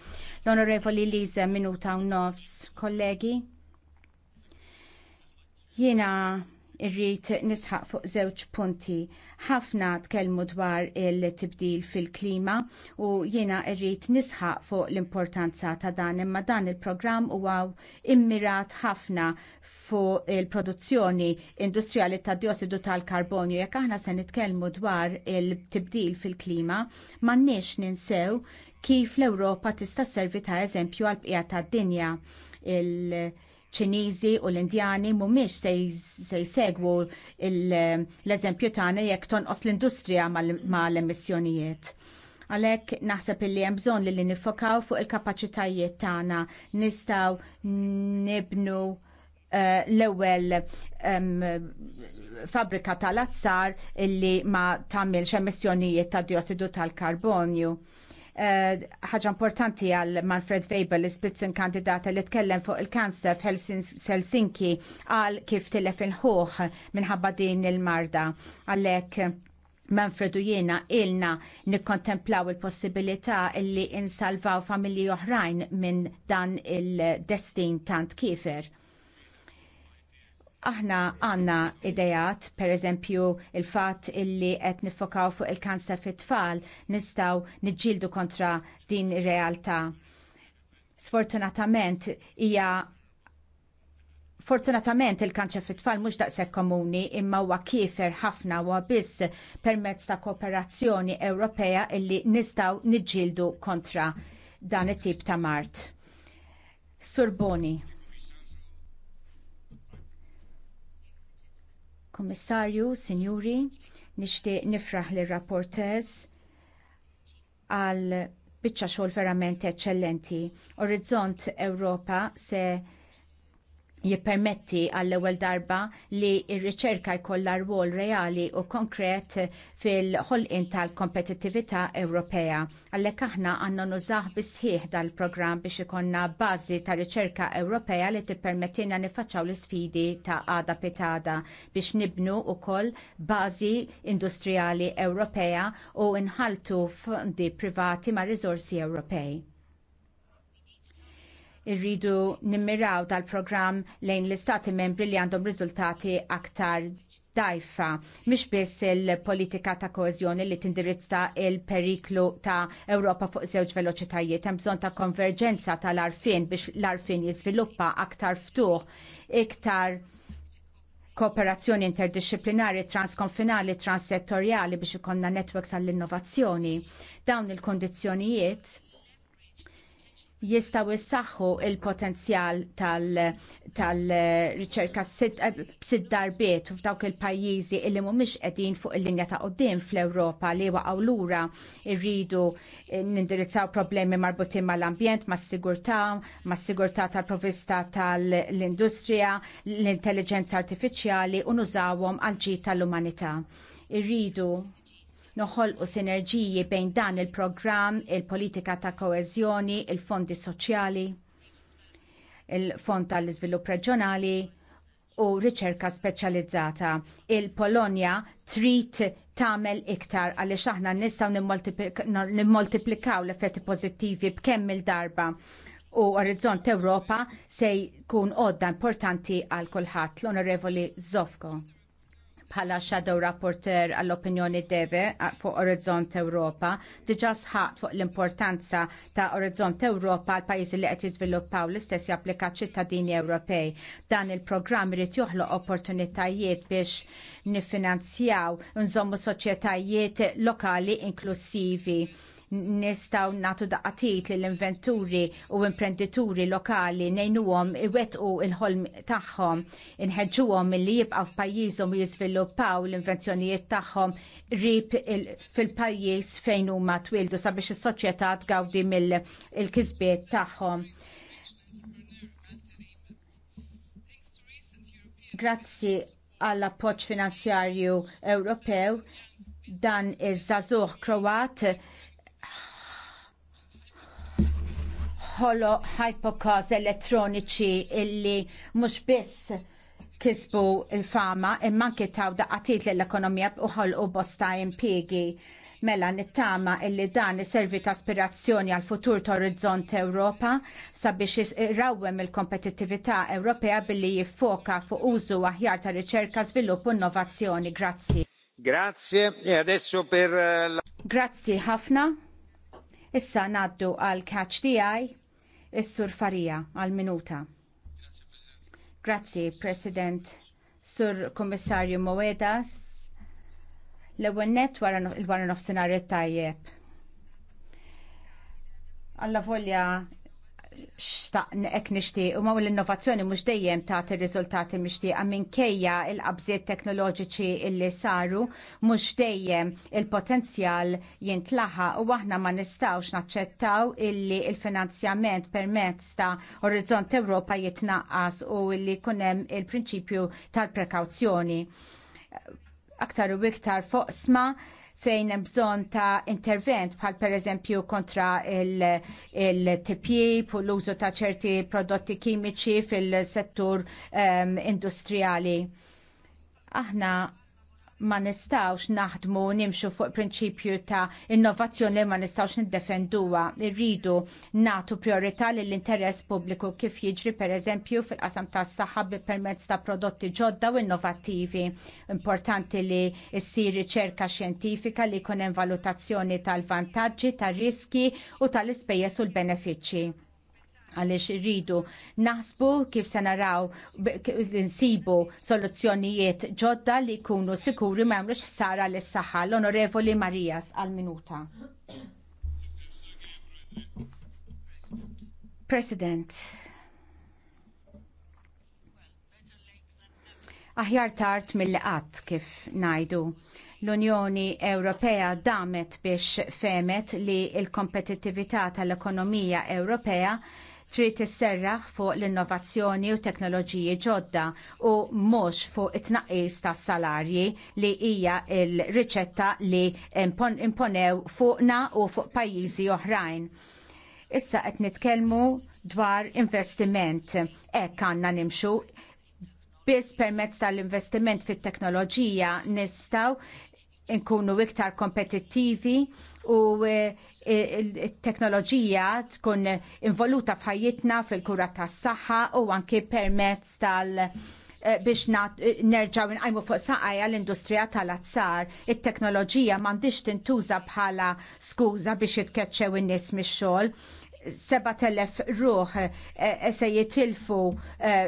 L-Onorevoli Liza, minuta u nofs, kollegi. Jena irrid nisħaq fuq żewġ punti. Ħafna tkellmu dwar il-tibdil fil-klima u jiena irrid nisħaq fuq l-importanza ta' dan imma dan il-programm huwa immirat ħafna fuq il-produzzjoni industrijali ta' diossidu tal-karbonju jekk aħna se nitkellmu dwar il-tibdil fil-klima m'għandniex ninsew kif l-Ewropa tista' servi ta' eżempju għal bqija tad-dinja il- ċiniżi u l-Indjani mhumiex se jsegwu l-eżempju tagħna jekk tonqos l-industrija mal-emissjonijiet. Għalhekk naħseb illi hemm bżonn li nifokaw fuq il-kapaċitajiet tagħna nistgħu nibnu eh, l-ewwel fabrika tal-azzar illi ma tagħmilx emissjonijiet ta' diossidu tal-karbonju. Eh, ħaġa importanti għal Manfred Weber li spitzen kandidata li tkellem fuq il-kanser f'Helsinki għal kif tilef il-ħuħ minħabba din il-marda. Għalek Manfred u jiena ilna nikkontemplaw il-possibilità illi insalvaw familji oħrajn minn dan il-destin tant kifer aħna għanna idejat, per eżempju, il-fat illi qed nifokaw fuq il-kanser fit tfal nistaw niġġieldu kontra din ir-realtà. Sfortunatament hija Fortunatament il-kanċer fit tfal mhux daqshekk komuni imma huwa kiefer ħafna huwa biss permezz ta' kooperazzjoni Ewropea illi nistgħu niġġieldu kontra dan it-tip ta' mart. Surboni. Kummissarju, Sinjuri, nixtieq nifraħ lir rapportez għal biċċa xogħol verament eċċellenti. Orizzont Ewropa se jippermetti għall-ewwel darba li r-riċerka jkollha rwol reali u konkret fil-ħolqien tal-kompetittività Ewropea. Għalhekk aħna għandna nużah bisħieħ dal-programm biex ikonna bażi ta' riċerka Ewropea li tippermettina nifaċċaw l-isfidi ta' għada pitada biex nibnu wkoll bażi industrijali Ewropea u nħaltu fondi privati ma' riżorsi Ewropej irridu nimmiraw tal-programm lejn l-istati membri li għandhom riżultati aktar dajfa, mhix biss il-politika ta' koezjoni li tindirizza il-periklu ta' Ewropa fuq żewġ veloċitajiet, hemm bżonn ta' konverġenza tal-arfin biex l-arfin jiżviluppa aktar ftuħ, iktar kooperazzjoni interdisciplinari transkonfinali transsettorjali biex ikonna netwerks għall-innovazzjoni. Dawn il-kondizzjonijiet jistaw jissaxħu il-potenzjal tal-riċerka tal b'sid darbiet u f'dawk il-pajjiżi illi mhumiex qegħdin fuq il-linja ta' qudiem fl-Ewropa li waqgħu lura rridu nindirizzaw problemi marbutin mal-ambjent, mas-sigurtà, mas-sigurtà tal-provista tal-industrija, l-intelligenza artifiċjali u nużawhom għal ġid tal-umanità. Irridu noħolqu sinerġiji bejn dan il-programm, il-politika ta' koezjoni, il-fondi soċjali, il-fond tal-iżvilupp reġjonali u riċerka speċjalizzata. Il-Polonja trid tagħmel iktar għaliex aħna nistgħu nimmoltiplikaw l-effetti pożittivi b'kemm il-darba u Orizzont Ewropa se jkun għodda importanti għal kulħadd l-Onorevoli Zofko bħala shadow rapporter għall-opinjoni deve fuq Orizzont Ewropa, diġa sħaqt fuq l-importanza ta' Orizzont Ewropa għal pajjiżi li qed jiżviluppaw l-istess japplika ċittadini Ewropej. Dan il-programm irid joħloq opportunitajiet biex nifinanzjaw nżommu soċjetajiet lokali inklusivi nistaw natu daqqatit li l-inventuri u imprendituri lokali nejnuhom iwetqu il-ħolm tagħhom, inħeġġuhom milli jibqgħu f'pajjiżhom u jiżviluppaw l-invenzjonijiet tagħhom rib fil-pajjiż fejn huma twildu sabiex is-soċjetà tgawdi mill-kisbiet tagħhom. Grazzi għall appoġġ finanzjarju Ewropew dan iż-żagħżugħ Kroat ħolo hypocause elettroniċi illi mhux biss kisbu il-fama imma anke taw daqqatit l-ekonomija u ħolqu bosta impjiegi mela nittama illi dan iservi ta' aspirazzjoni għal futur ta' orizzont Ewropa sabiex rawwem il-kompetittività Ewropea billi jiffoka fuq użu aħjar ta' riċerka, svilupp u innovazzjoni. Grazzi. Grazie, e adesso per la... Grazzi ħafna. Issa naddu għal catch DI. Is-Sur Farija għal minuta. Grazzi, President, Sur Kommissarju Moedas, l-ewwel net wara wara nofsinhar tajjeb. Alla volja xtaqnek nixtieq u ma l-innovazzjoni mhux dejjem tagħti r-riżultati mixtieqa minkejja l qabżiet teknoloġiċi illi saru mhux dejjem il-potenzjal jintlaħa u aħna ma nistgħux naċċettaw illi il-finanzjament permezz ta' Orizzont Ewropa jitnaqqas u illi jkun hemm il-prinċipju tal-prekawzjoni. Aktar u iktar foqsma fejn hemm bżonn ta' intervent bħal pereżempju kontra il-tipjib u l-użu ta' ċerti prodotti kimiċi fil-settur um, ehm, industrijali. Aħna ma nistawx naħdmu nimxu fuq prinċipju ta' innovazzjoni li ma nistawx niddefenduha. Irridu natu priorità lill interess pubbliku kif jiġri pereżempju fil-qasam tas saħħa permezz ta' prodotti ġodda u innovattivi. Importanti li ssir riċerka xjentifika li jkun hemm valutazzjoni tal-vantaġġi, tar-riski u tal-ispejjeż u l-benefiċċji għaliex irridu naħsbu kif se naraw nsibu soluzzjonijiet ġodda li jkunu sikuri ma jamlux ħsara lis saħħa l-Onorevoli Marijas għal minuta. President. Aħjar tard mill qatt kif ngħidu l-Unjoni Ewropea damet biex femet li l kompetitivita tal-ekonomija Ewropea trid tisserraħ fuq l-innovazzjoni u teknoloġiji ġodda u mhux fuq it-tnaqqis tas-salarji li hija l-riċetta li imponew fuqna u fuq pajjiżi oħrajn. Issa qed nitkellmu dwar investiment. Hekk għandna nimxu biss permezz tal-investiment fit-teknoloġija nistgħu nkunu iktar kompetittivi u eh, eh, il-teknoloġija tkun involuta f'ħajjitna fil-kura tas-saħħa u anke permezz tal- eh, biex nerġaw nqajmu fuq saqajja l-industrija tal-azzar, it-teknoloġija m'għandix tintuża bħala skuża biex jitkeċċew in-nies mix-xogħol. 7000 ruħ se jitilfu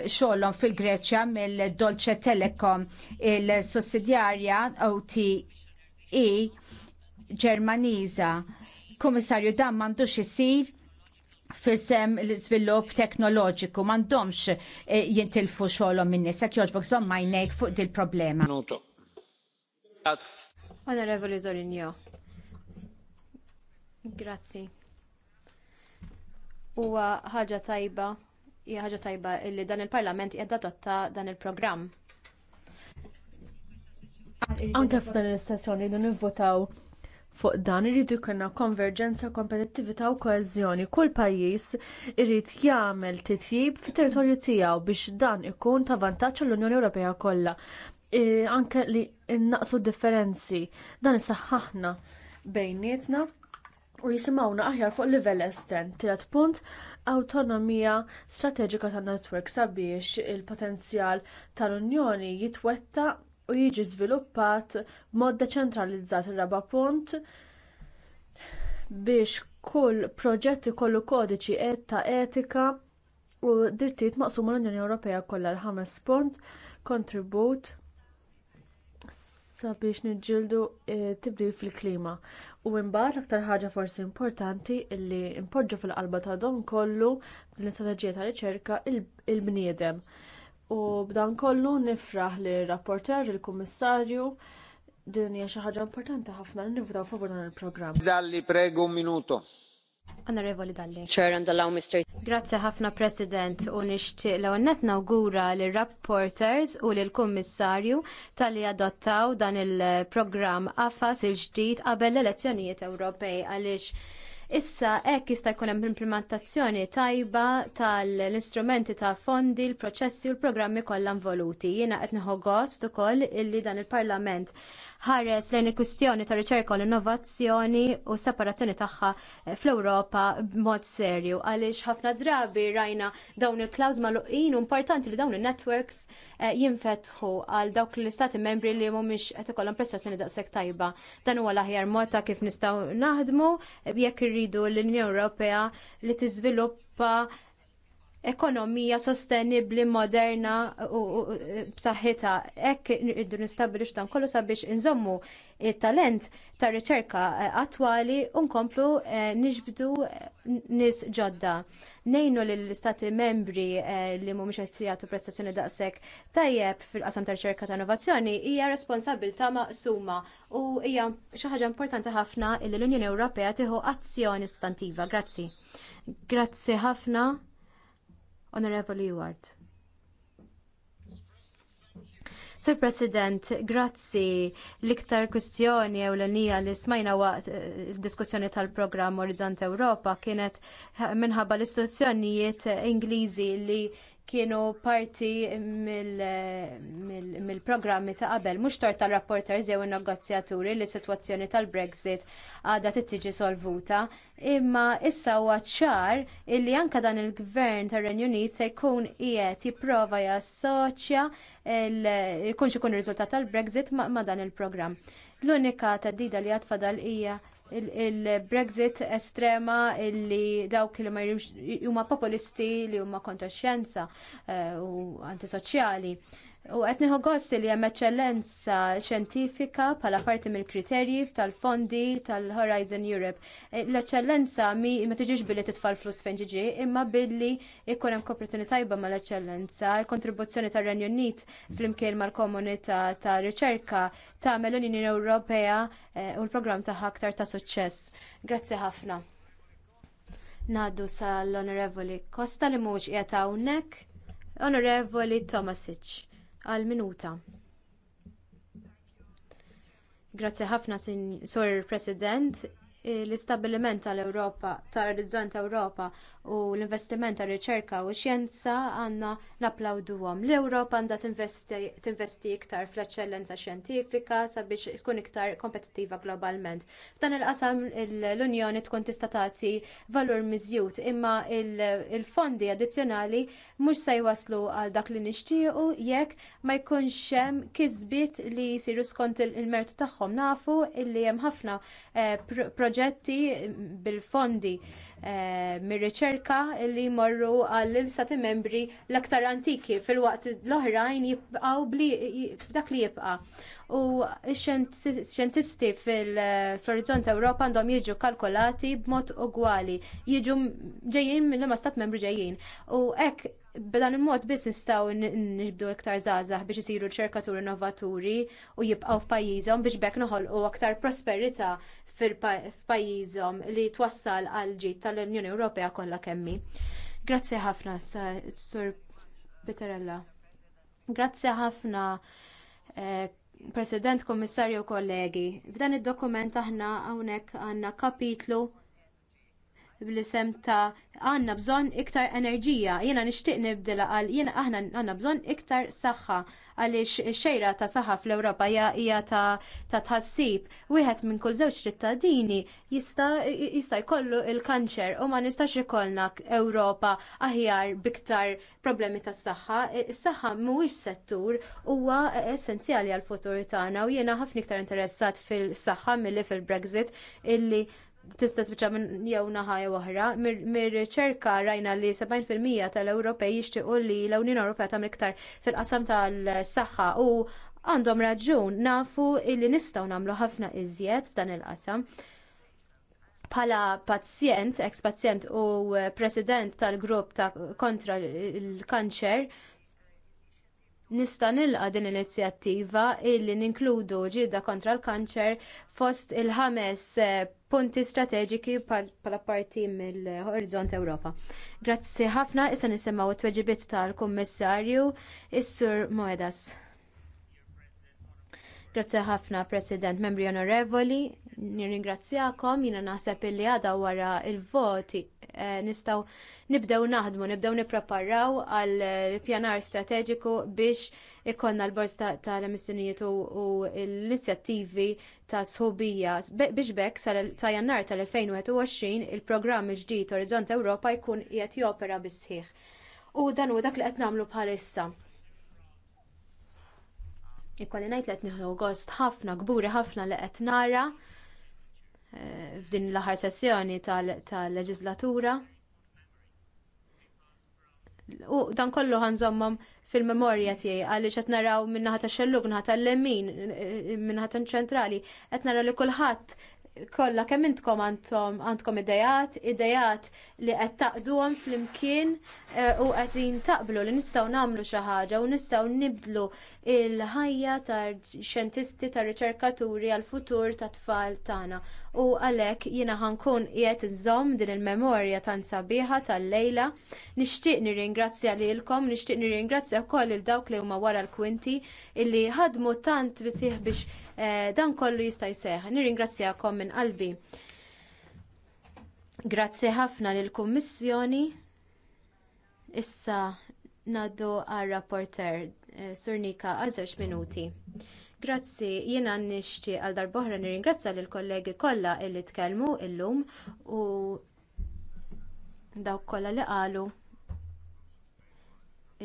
xogħolhom fil-Greċja mill-Dolce Telecom il-sussidjarja OTE Ġermaniża. Komissarju, dan m'għandux isir fisem l iżvilupp teknoloġiku m'għandhomx eh, jintilfu xogħolhom minn nisek jogħġbok jogħġbok ma majnejk fuq dil problema. Onorevoli Zorinjo. Grazzi. Huwa ħaġa tajba, hija ħaġa tajba li dan il-Parlament qiegħed adotta dan il-programm. Anke f'dan il-sessjoni nivvotaw fuq dan iridu jkollna konverġenza kompetittività u koeżjoni kull pajjiż irid jagħmel titjib fit-territorju tiegħu biex dan ikun ta' vantaġġ għall-Unjoni Ewropea kollha. Anke li innaqsu d differenzi dan isaħħaħna bejnietna u jisimgħuna aħjar fuq livell estern. Tielet punt awtonomija strateġika tan netwerk sabiex il-potenzjal tal-Unjoni jitwettaq u jiġi żviluppat b'mod deċentralizzat ir-raba' punt biex kull proġett ikollu kodiċi qed ta' etika u drittijiet maqsuma l-Unjoni Ewropea kollha l-ħames punt kontribut sabiex niġġieldu eh, tibdil fil-klima. U mbagħad l-aktar ħaġa forsi importanti li npoġġu fil-qalba ta' don kollu din l-istrateġija ta' riċerka il-bniedem. il bniedem U b'dan kollu nifraħ li rapporter il-kummissarju din hija xi ħaġa importanti ħafna li nivdaw favur dan il-programm. Dalli prego un minuto. Onorevoli Dalli. Chair and allow Mr. Grazie ħafna President u nixtieq l net nawgura lir rapporters u lill kummissarju talli adottaw dan il-programm AFAS il-ġdid qabel l-elezzjonijiet Ewropej għaliex Issa hekk jista' jkun hemm implementazzjoni tajba tal-istrumenti ta' fondi, l-proċessi u l-programmi kollha involuti. Jiena qed nieħu gost ukoll illi dan il-Parlament ħares lejn il-kwistjoni ta' riċerka u l-innovazzjoni u s separazzjoni tagħha fl-Ewropa b'mod serju għaliex ħafna drabi rajna dawn il-klawż magħluqin u importanti li dawn in-networks eh, jinfetħu għal dawk l-istati membri li mhumiex qed ikollhom prestazzjoni daqshekk tajba. Dan huwa l-aħjar mod ta' kif nistgħu naħdmu jekk irridu l-Unjoni Ewropea li tiżviluppa ekonomija sostenibbli moderna u b'saħħitha. Hekk irridu nistabilix dan kollu sabiex inżommu t talent tar riċerka attwali u nkomplu eh, niġbdu Nis ġodda. Nejnu li l-istati membri eh, li mhumiex qed jagħtu prestazzjoni daqshekk tajjeb fil-qasam tal riċerka ta' innovazzjoni hija ta' maqsuma u hija xi ħaġa importanti ħafna li l-Unjoni Ewropea tieħu azzjoni sustantiva. Grazzi. Grazzi ħafna, Onorevoli Ewart. Sur President, grazzi l-iktar kwistjoni ewlenija li smajna waqt il-diskussjoni eh, tal-programm Orizzont Ewropa kienet minħabba l-istituzzjonijiet Ingliżi li kienu parti mill-programmi ta' qabel, mhux tort tal-rapporter zew in-negozjaturi li s-sitwazzjoni tal-Brexit għadha tittiġi solvuta, imma issa huwa ċar illi anke dan il-Gvern tar-Renju Unit se jkun qiegħed jipprova jassoċja jkunx ikun ir-riżultat tal-Brexit ma' dan il-programm. L-unika tadida li għad fadal hija il-Brexit estrema illi dawk li ma huma populisti li huma kontra xjenza eh, u antisoċjali. U qed nieħu gost li hemm eċċellenza xjentifika bħala parti mill-kriterji tal-fondi tal-Horizon Europe. Eh, l-eċċellenza mi ma tiġix billi titfal flus fejn ġiġi, imma billi jkun hemm opportunità tajba mal-eċċellenza. Il-kontribuzzjoni tar-Renju Unit flimkien mal-komunità ta' riċerka tagħmel l-Unjoni Ewropea eh, u l-programm tagħha aktar ta' suċċess. Grazzi ħafna. Ngħaddu sal-Onorevoli Costa li mhux qiegħed hawnhekk. Onorevoli Tomasic għal minuta. Grazzi ħafna, Sur President l-istabbiliment tal-Ewropa, tal-Orizzont Ewropa u l-investiment tar riċerka u xjenza għandna napplawduhom. L-Ewropa għandha tinvesti iktar fl-eċċellenza xjentifika sabiex tkun iktar kompetitiva globalment. F'dan il-qasam l-Unjoni tkun tista' tagħti valur miżjud imma l fondi addizzjonali mhux se jwaslu għal dak li nixtiequ jekk ma jkunx hemm kisbiet li jsiru skont il-mertu tagħhom nafu li hemm ħafna eh, proġetti proġetti bil-fondi eh, mir-riċerka li jmorru għall-istati membri l-aktar antiki fil-waqt l-oħrajn jibqgħu bli dak li jibqa' u xjentisti fil-Orizzont Ewropa għandhom jiġu kalkolati b'mod ugwali, jiġu ġejjin mill-ma stat membri ġejjin. U hekk b'dan il-mod biss nistgħu nġibdu iktar zazah biex isiru ċerkaturi innovaturi u jibqgħu f'pajjiżhom biex bekk noħolqu aktar prosperità f'pajjiżhom li twassal għal ġid tal-Unjoni Ewropea kollha kemmi. Grazzi ħafna, Sur Peterella. Grazzi ħafna, eh, President, Kommissarju, kollegi. F'dan id-dokument aħna hawnhekk għandna kapitlu bl-isem ta' għandna bżonn iktar enerġija, jiena nixtieq nibdilha għal jiena aħna għandna bżonn iktar saħħa għaliex xejra ta' saħħa fl-Ewropa hija ta' tħassib. Wieħed minn kull żewġ ċittadini jista' jkollu l kanċer u ma nistax ikollna Ewropa aħjar biktar problemi tas saħħa. Is-saħħa mhuwiex settur huwa essenzjali għall futur tagħna u jiena ħafna iktar interessat fil-saħħa milli fil-Brexit illi tista' spiċċa minn jew naħa jew oħra. Mir-riċerka rajna li 70% tal-Ewropej jixtiequ li l-Unjoni Ewropea tagħmel iktar fil-qasam tal-saħħa u għandhom raġun nafu li nistgħu nagħmlu ħafna iżjed f'dan il-qasam. Bħala pazjent, ex-pazjent u president tal-grupp ta' kontra l-kanċer, Nista' nilqa' din l-inizjattiva illi ninkludu ġieda kontra l-kanċer fost il-ħames eh, punti strateġiki bħala parti mill-Horizont Ewropa. Grazzi ħafna issa nisimgħu t-tweġibiet tal-Kummissarju is-Sur Moedas. Grazzi ħafna, President, membri onorevoli, nirringrazzjakom, jina naħseb illi għada wara il-voti eh, nistaw nibdew naħdmu, nibdew nipreparaw għal pjanar strateġiku biex ikonna l bors tal-emissjonijiet u l-inizjattivi ta' sħubija. Biex bekk sa' jannar tal-2021 il-programm il-ġdid Orizzont Ewropa jkun qiegħed jopera bis-sħiħ. U dan u dak li qed nagħmlu bħalissa. Ikolli najt li qed gost ħafna kburi ħafna li qed nara eh, f'din l-aħħar sessjoni tal-leġislatura. U dan kollu ħanżommhom fil-memorja tiegħi għaliex qed naraw minnaħa tax-xellug, eh, eh, minnaħa tal-lemmin, minnaħa tal-ċentrali, qed naraw li kulħadd kollha kemm intkom għandkom għandkom idejat, idejat li qed taqduhom flimkien eh, u qed jintaqblu li nistgħu nagħmlu xi ħaġa u nistgħu nibdlu l ħajja tax-xjentisti tar-riċerkaturi għall-futur tat-tfal tagħna. U għalhekk jiena ħankun qiegħed iżżomm din il-memorja tan sabiħa tal-lejla. Nixtieq nirringrazzja lilkom, nixtieq nirringrazzja wkoll il dawk li huma wara l-kwinti illi ħadmu tant bisih biex Eh, dan kollu jista' jseħħ. Nirringrazzjakom minn qalbi. Grazzi ħafna lill-Kummissjoni. Issa ngħaddu għar rapporter eh, Surnika għal żewġ minuti. Grazzi, jiena nixtieq għal darbohra nirringrazzja lill kollegi kollha illi tkellmu illum u dawk kollha li qalu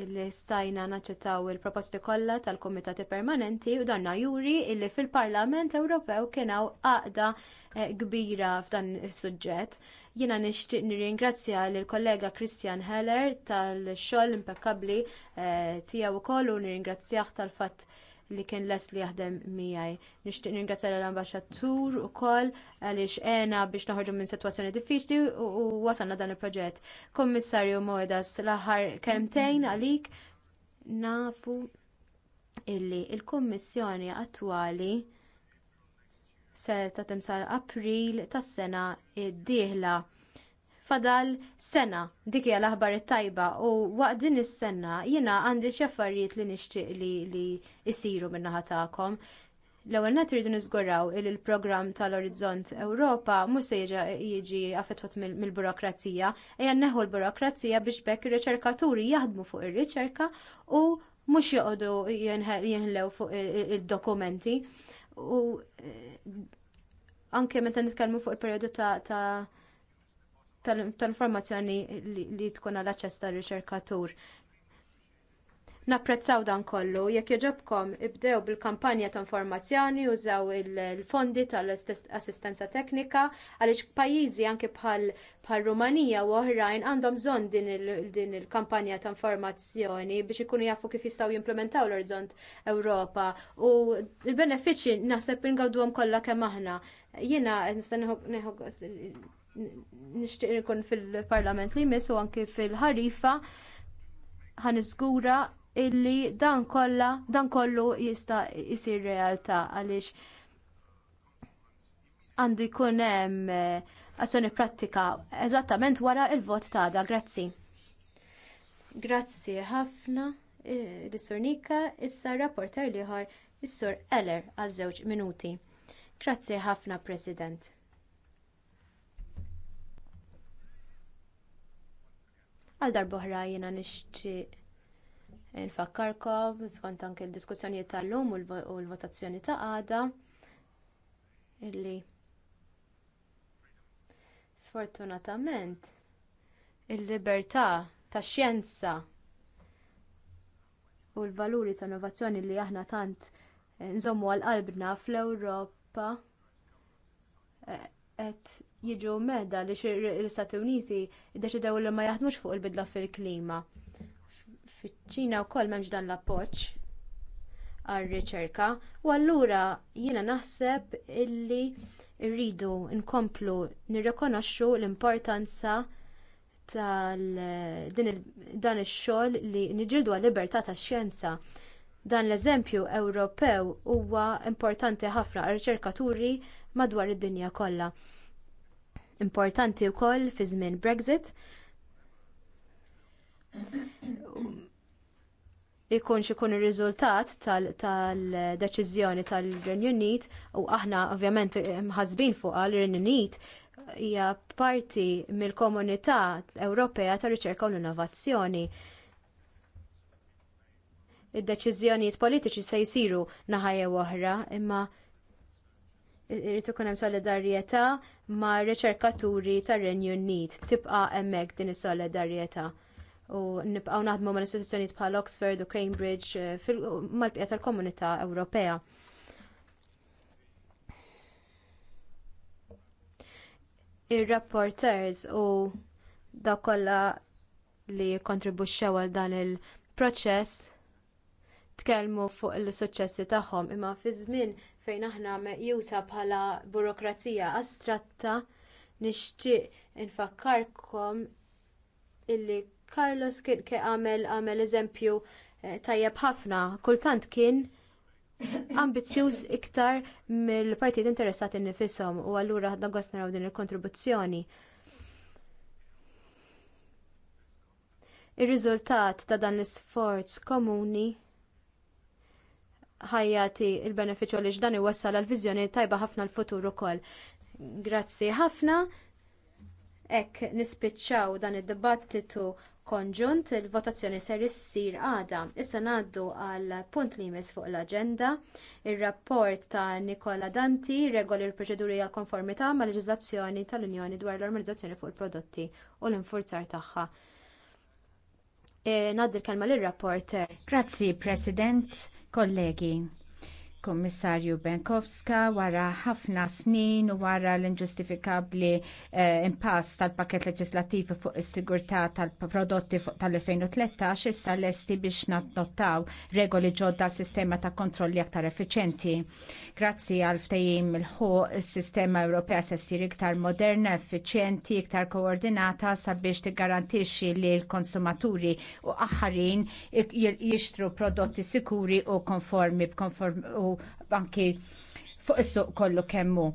illi stajna naċċettaw il-proposti kollha tal-Kumitati Permanenti u danna juri illi fil-Parlament Ewropew kien hawn għaqda eh, kbira f'dan is-suġġett. Jiena nixtieq nirringrazzja lill kollega Christian Heller tal-xogħol impeccabbli eh, tiegħu wkoll u nirringrazzjah tal-fatt li kien les li jaħdem miegħi. Nixtieq ningrazzja l-ambaxxatur ukoll għaliex għena biex naħorġu minn sitwazzjoni diffiċli u wasalna dan il-proġett. Kommissarju Moedas, l-aħħar kelmtejn għalik nafu illi il kummissjoni attwali se temsal April tas-sena d-dieħla fadal sena dik hija l-aħbar it-tajba u waqt din is-sena jiena għandi xi affarijiet li nixtieq li jsiru min-naħa tagħkom. L-ewwel nett iridu niżguraw li l programm tal-Orizzont Ewropa mhux se jiġi affettwat mill-burokrazija, ejja neħu l-burokrazija biex bekk ir-riċerkaturi jaħdmu fuq ir-riċerka u mhux joqogħdu jinħlew fuq id-dokumenti. U eh, anke meta nitkellmu fuq il-perjodu ta' tal-informazzjoni li tkun għal aċċess tar-riċerkatur. Napprezzaw dan kollu, jekk jogħġobkom ibdew bil-kampanja ta' informazzjoni, użaw il-fondi tal-assistenza teknika, għaliex pajjiżi anke bħal Rumanija u oħrajn għandhom bżonn din il-kampanja ta' informazzjoni biex ikunu jafu kif jistgħu jimplementaw l-Orizzont Ewropa u l-benefiċċji naħseb ingawduhom kollha kemm aħna. Jiena nixtieq ikun fil-Parlament li jmiss u anki fil-ħarifa ħaniżgura illi dan kollha dan kollu jista' jsir realtà għaliex għandu jkun hemm eh, azzjoni prattika eżattament wara l vot tagħna. Grazzi. Grazzi ħafna dis-sur eh, Nika, issa rapporter liħor is-Sur Eller għal żewġ minuti. Grazzi ħafna President. Għal darbohra jiena nixċi Nfakkarkom skont anke l-diskussjonijiet tal-lum u l-votazzjoni ta' għada illi sfortunatament il-libertà tax-xjenza u l-valuri ta' innovazzjoni li aħna tant eh, nżommu għal qalbna fl-Ewropa eh, qed jiġu medda li l-Istati Uniti ddeċidew li ma jaħdmux fuq il-bidla fil-klima. Fiċ-Ċina wkoll m'hemmx dan l-appoġġ għar-riċerka u allura jiena naħseb illi rridu nkomplu nirrikonoxxu l-importanza tal dan ix-xogħol li niġġieldu għal-libertà tax-xjenza. Dan l-eżempju Ewropew huwa importanti ħafna għar-riċerkaturi madwar id-dinja kollha. Importanti wkoll fi żmien Brexit ikunx ikun ir-riżultat tal-deċiżjoni tal-Renju Unit u aħna ovvjament mħasbin fuqha l-Renju Unit hija parti mill-Komunità Ewropea tar riċerka u l-Innovazzjoni. Id-deċiżjonijiet politiċi se jsiru naħa jew oħra, imma irrid ikun hemm solidarjetà mar riċerkaturi tar-Renju Unit tibqa' hemmhekk din is-solidarjetà u nibqgħu naħdmu mal istituzzjonijiet bħal Oxford u Cambridge eh, mal-bqija tal-Komunità Ewropea. Ir-rapporters u da kollha li kontribwixxew għal dan il-proċess tkellmu fuq is-suċċessi tagħhom imma fi żmien fejn aħna meqjusa bħala burokrazija astratta nixtieq infakkarkom illi Carlos kien għamel għamel eżempju eh, tajjeb ħafna, kultant kien ambizjuż iktar mill-partijiet interessati nifisom u allura ħadna gost naraw din il-kontribuzzjoni. Ir-riżultat ta' dan l-isforz komuni ħajjati l benefiċċju li x'dan iwassal għal viżjoni tajba ħafna l-futur ukoll. Grazzi ħafna. Hekk nispiċċaw dan id-dibattitu konġunt il-votazzjoni ser issir għada. Issa ngħaddu għal punt li jmiss fuq l-aġenda ir-rapport ta' Nicola Danti regoli l-proċeduri għal konformità mal leġiżlazzjoni tal-Unjoni dwar l armonizzazzjoni fuq il-prodotti u l-infurzar tagħha. E, eh, Naddir kelma lir rapporter Grazzi, President, kollegi Kommissarju Benkovska wara ħafna snin u wara l-inġustifikabbli eh, impass tal-pakket leġislattiv fuq is-sigurtà tal-prodotti fuq tal-2013 issa lesti biex nadottaw regoli ġodda sistema ta' kontrolli aktar effiċenti. Grazzi għal ftajim il ħu is-sistema Ewropea se ssir iktar moderna, effiċjenti, iktar koordinata sabiex tiggarantixxi li l-konsumaturi u aħħarin jixtru prodotti sikuri u konformi b'konform u anki fuq is-suq kollu kemmu.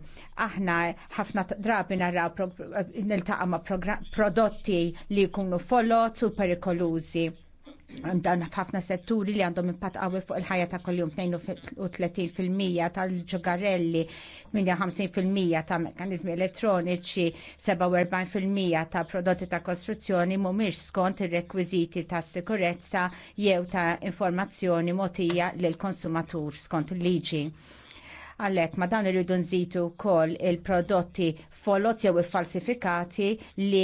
Aħna ħafna drabi naraw niltaqa' ma' prodotti li jkunu folot u perikolużi għandan ħafna setturi li għandhom impatt qawwi fuq il-ħajja ta' kuljum 32% tal-ġogarelli, 58% ta' mekkaniżmi elettroniċi, 47% ta' prodotti ta' kostruzzjoni mhumiex skont ir-rekwiżiti ta' sikurezza jew ta' informazzjoni mogħtija lill konsumatur skont il-liġi. Għalhekk ma dan irridu nżitu wkoll il-prodotti folot jew iffalsifikati li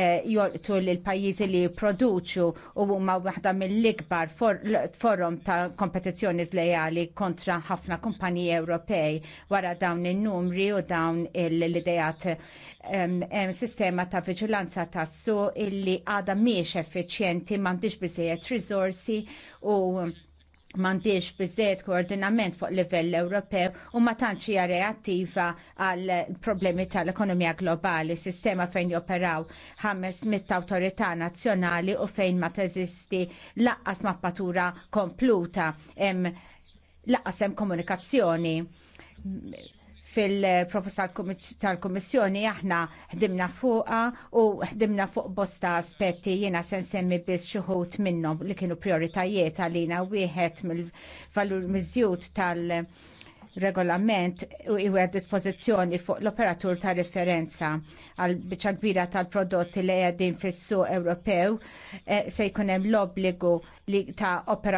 eh, jolqtu l pajjiżi li jipproduċu u huma waħda mill-ikbar forum ta' kompetizzjoni zlejali kontra ħafna kumpaniji Ewropej wara dawn in-numri u dawn l-idejat sistema ta' viġilanza tas-su illi għadha mhijiex effiċjenti mandiġ biżejjed risorsi u mandiex bizzet koordinament fuq livell Ewropew u ma tantx hija reattiva għal problemi tal-ekonomija globali, sistema fejn joperaw ħames mit awtorità nazzjonali u fejn ma teżisti laqqas mappatura kompluta hemm laqqas hemm komunikazzjoni fil-proposta tal-Komissjoni aħna ħdimna fuqa u ħdimna fuq bosta aspetti jiena se nsemmi biss xi ħut minnhom li kienu prioritajiet għalina wieħed mill-valur miżjud tal- regolament u iwe dispożizzjoni fuq l-operatur ta' referenza għal biċa kbira tal-prodotti li għedin fis-suq Ewropew eh, se jkun hemm l-obbligu ta' operatur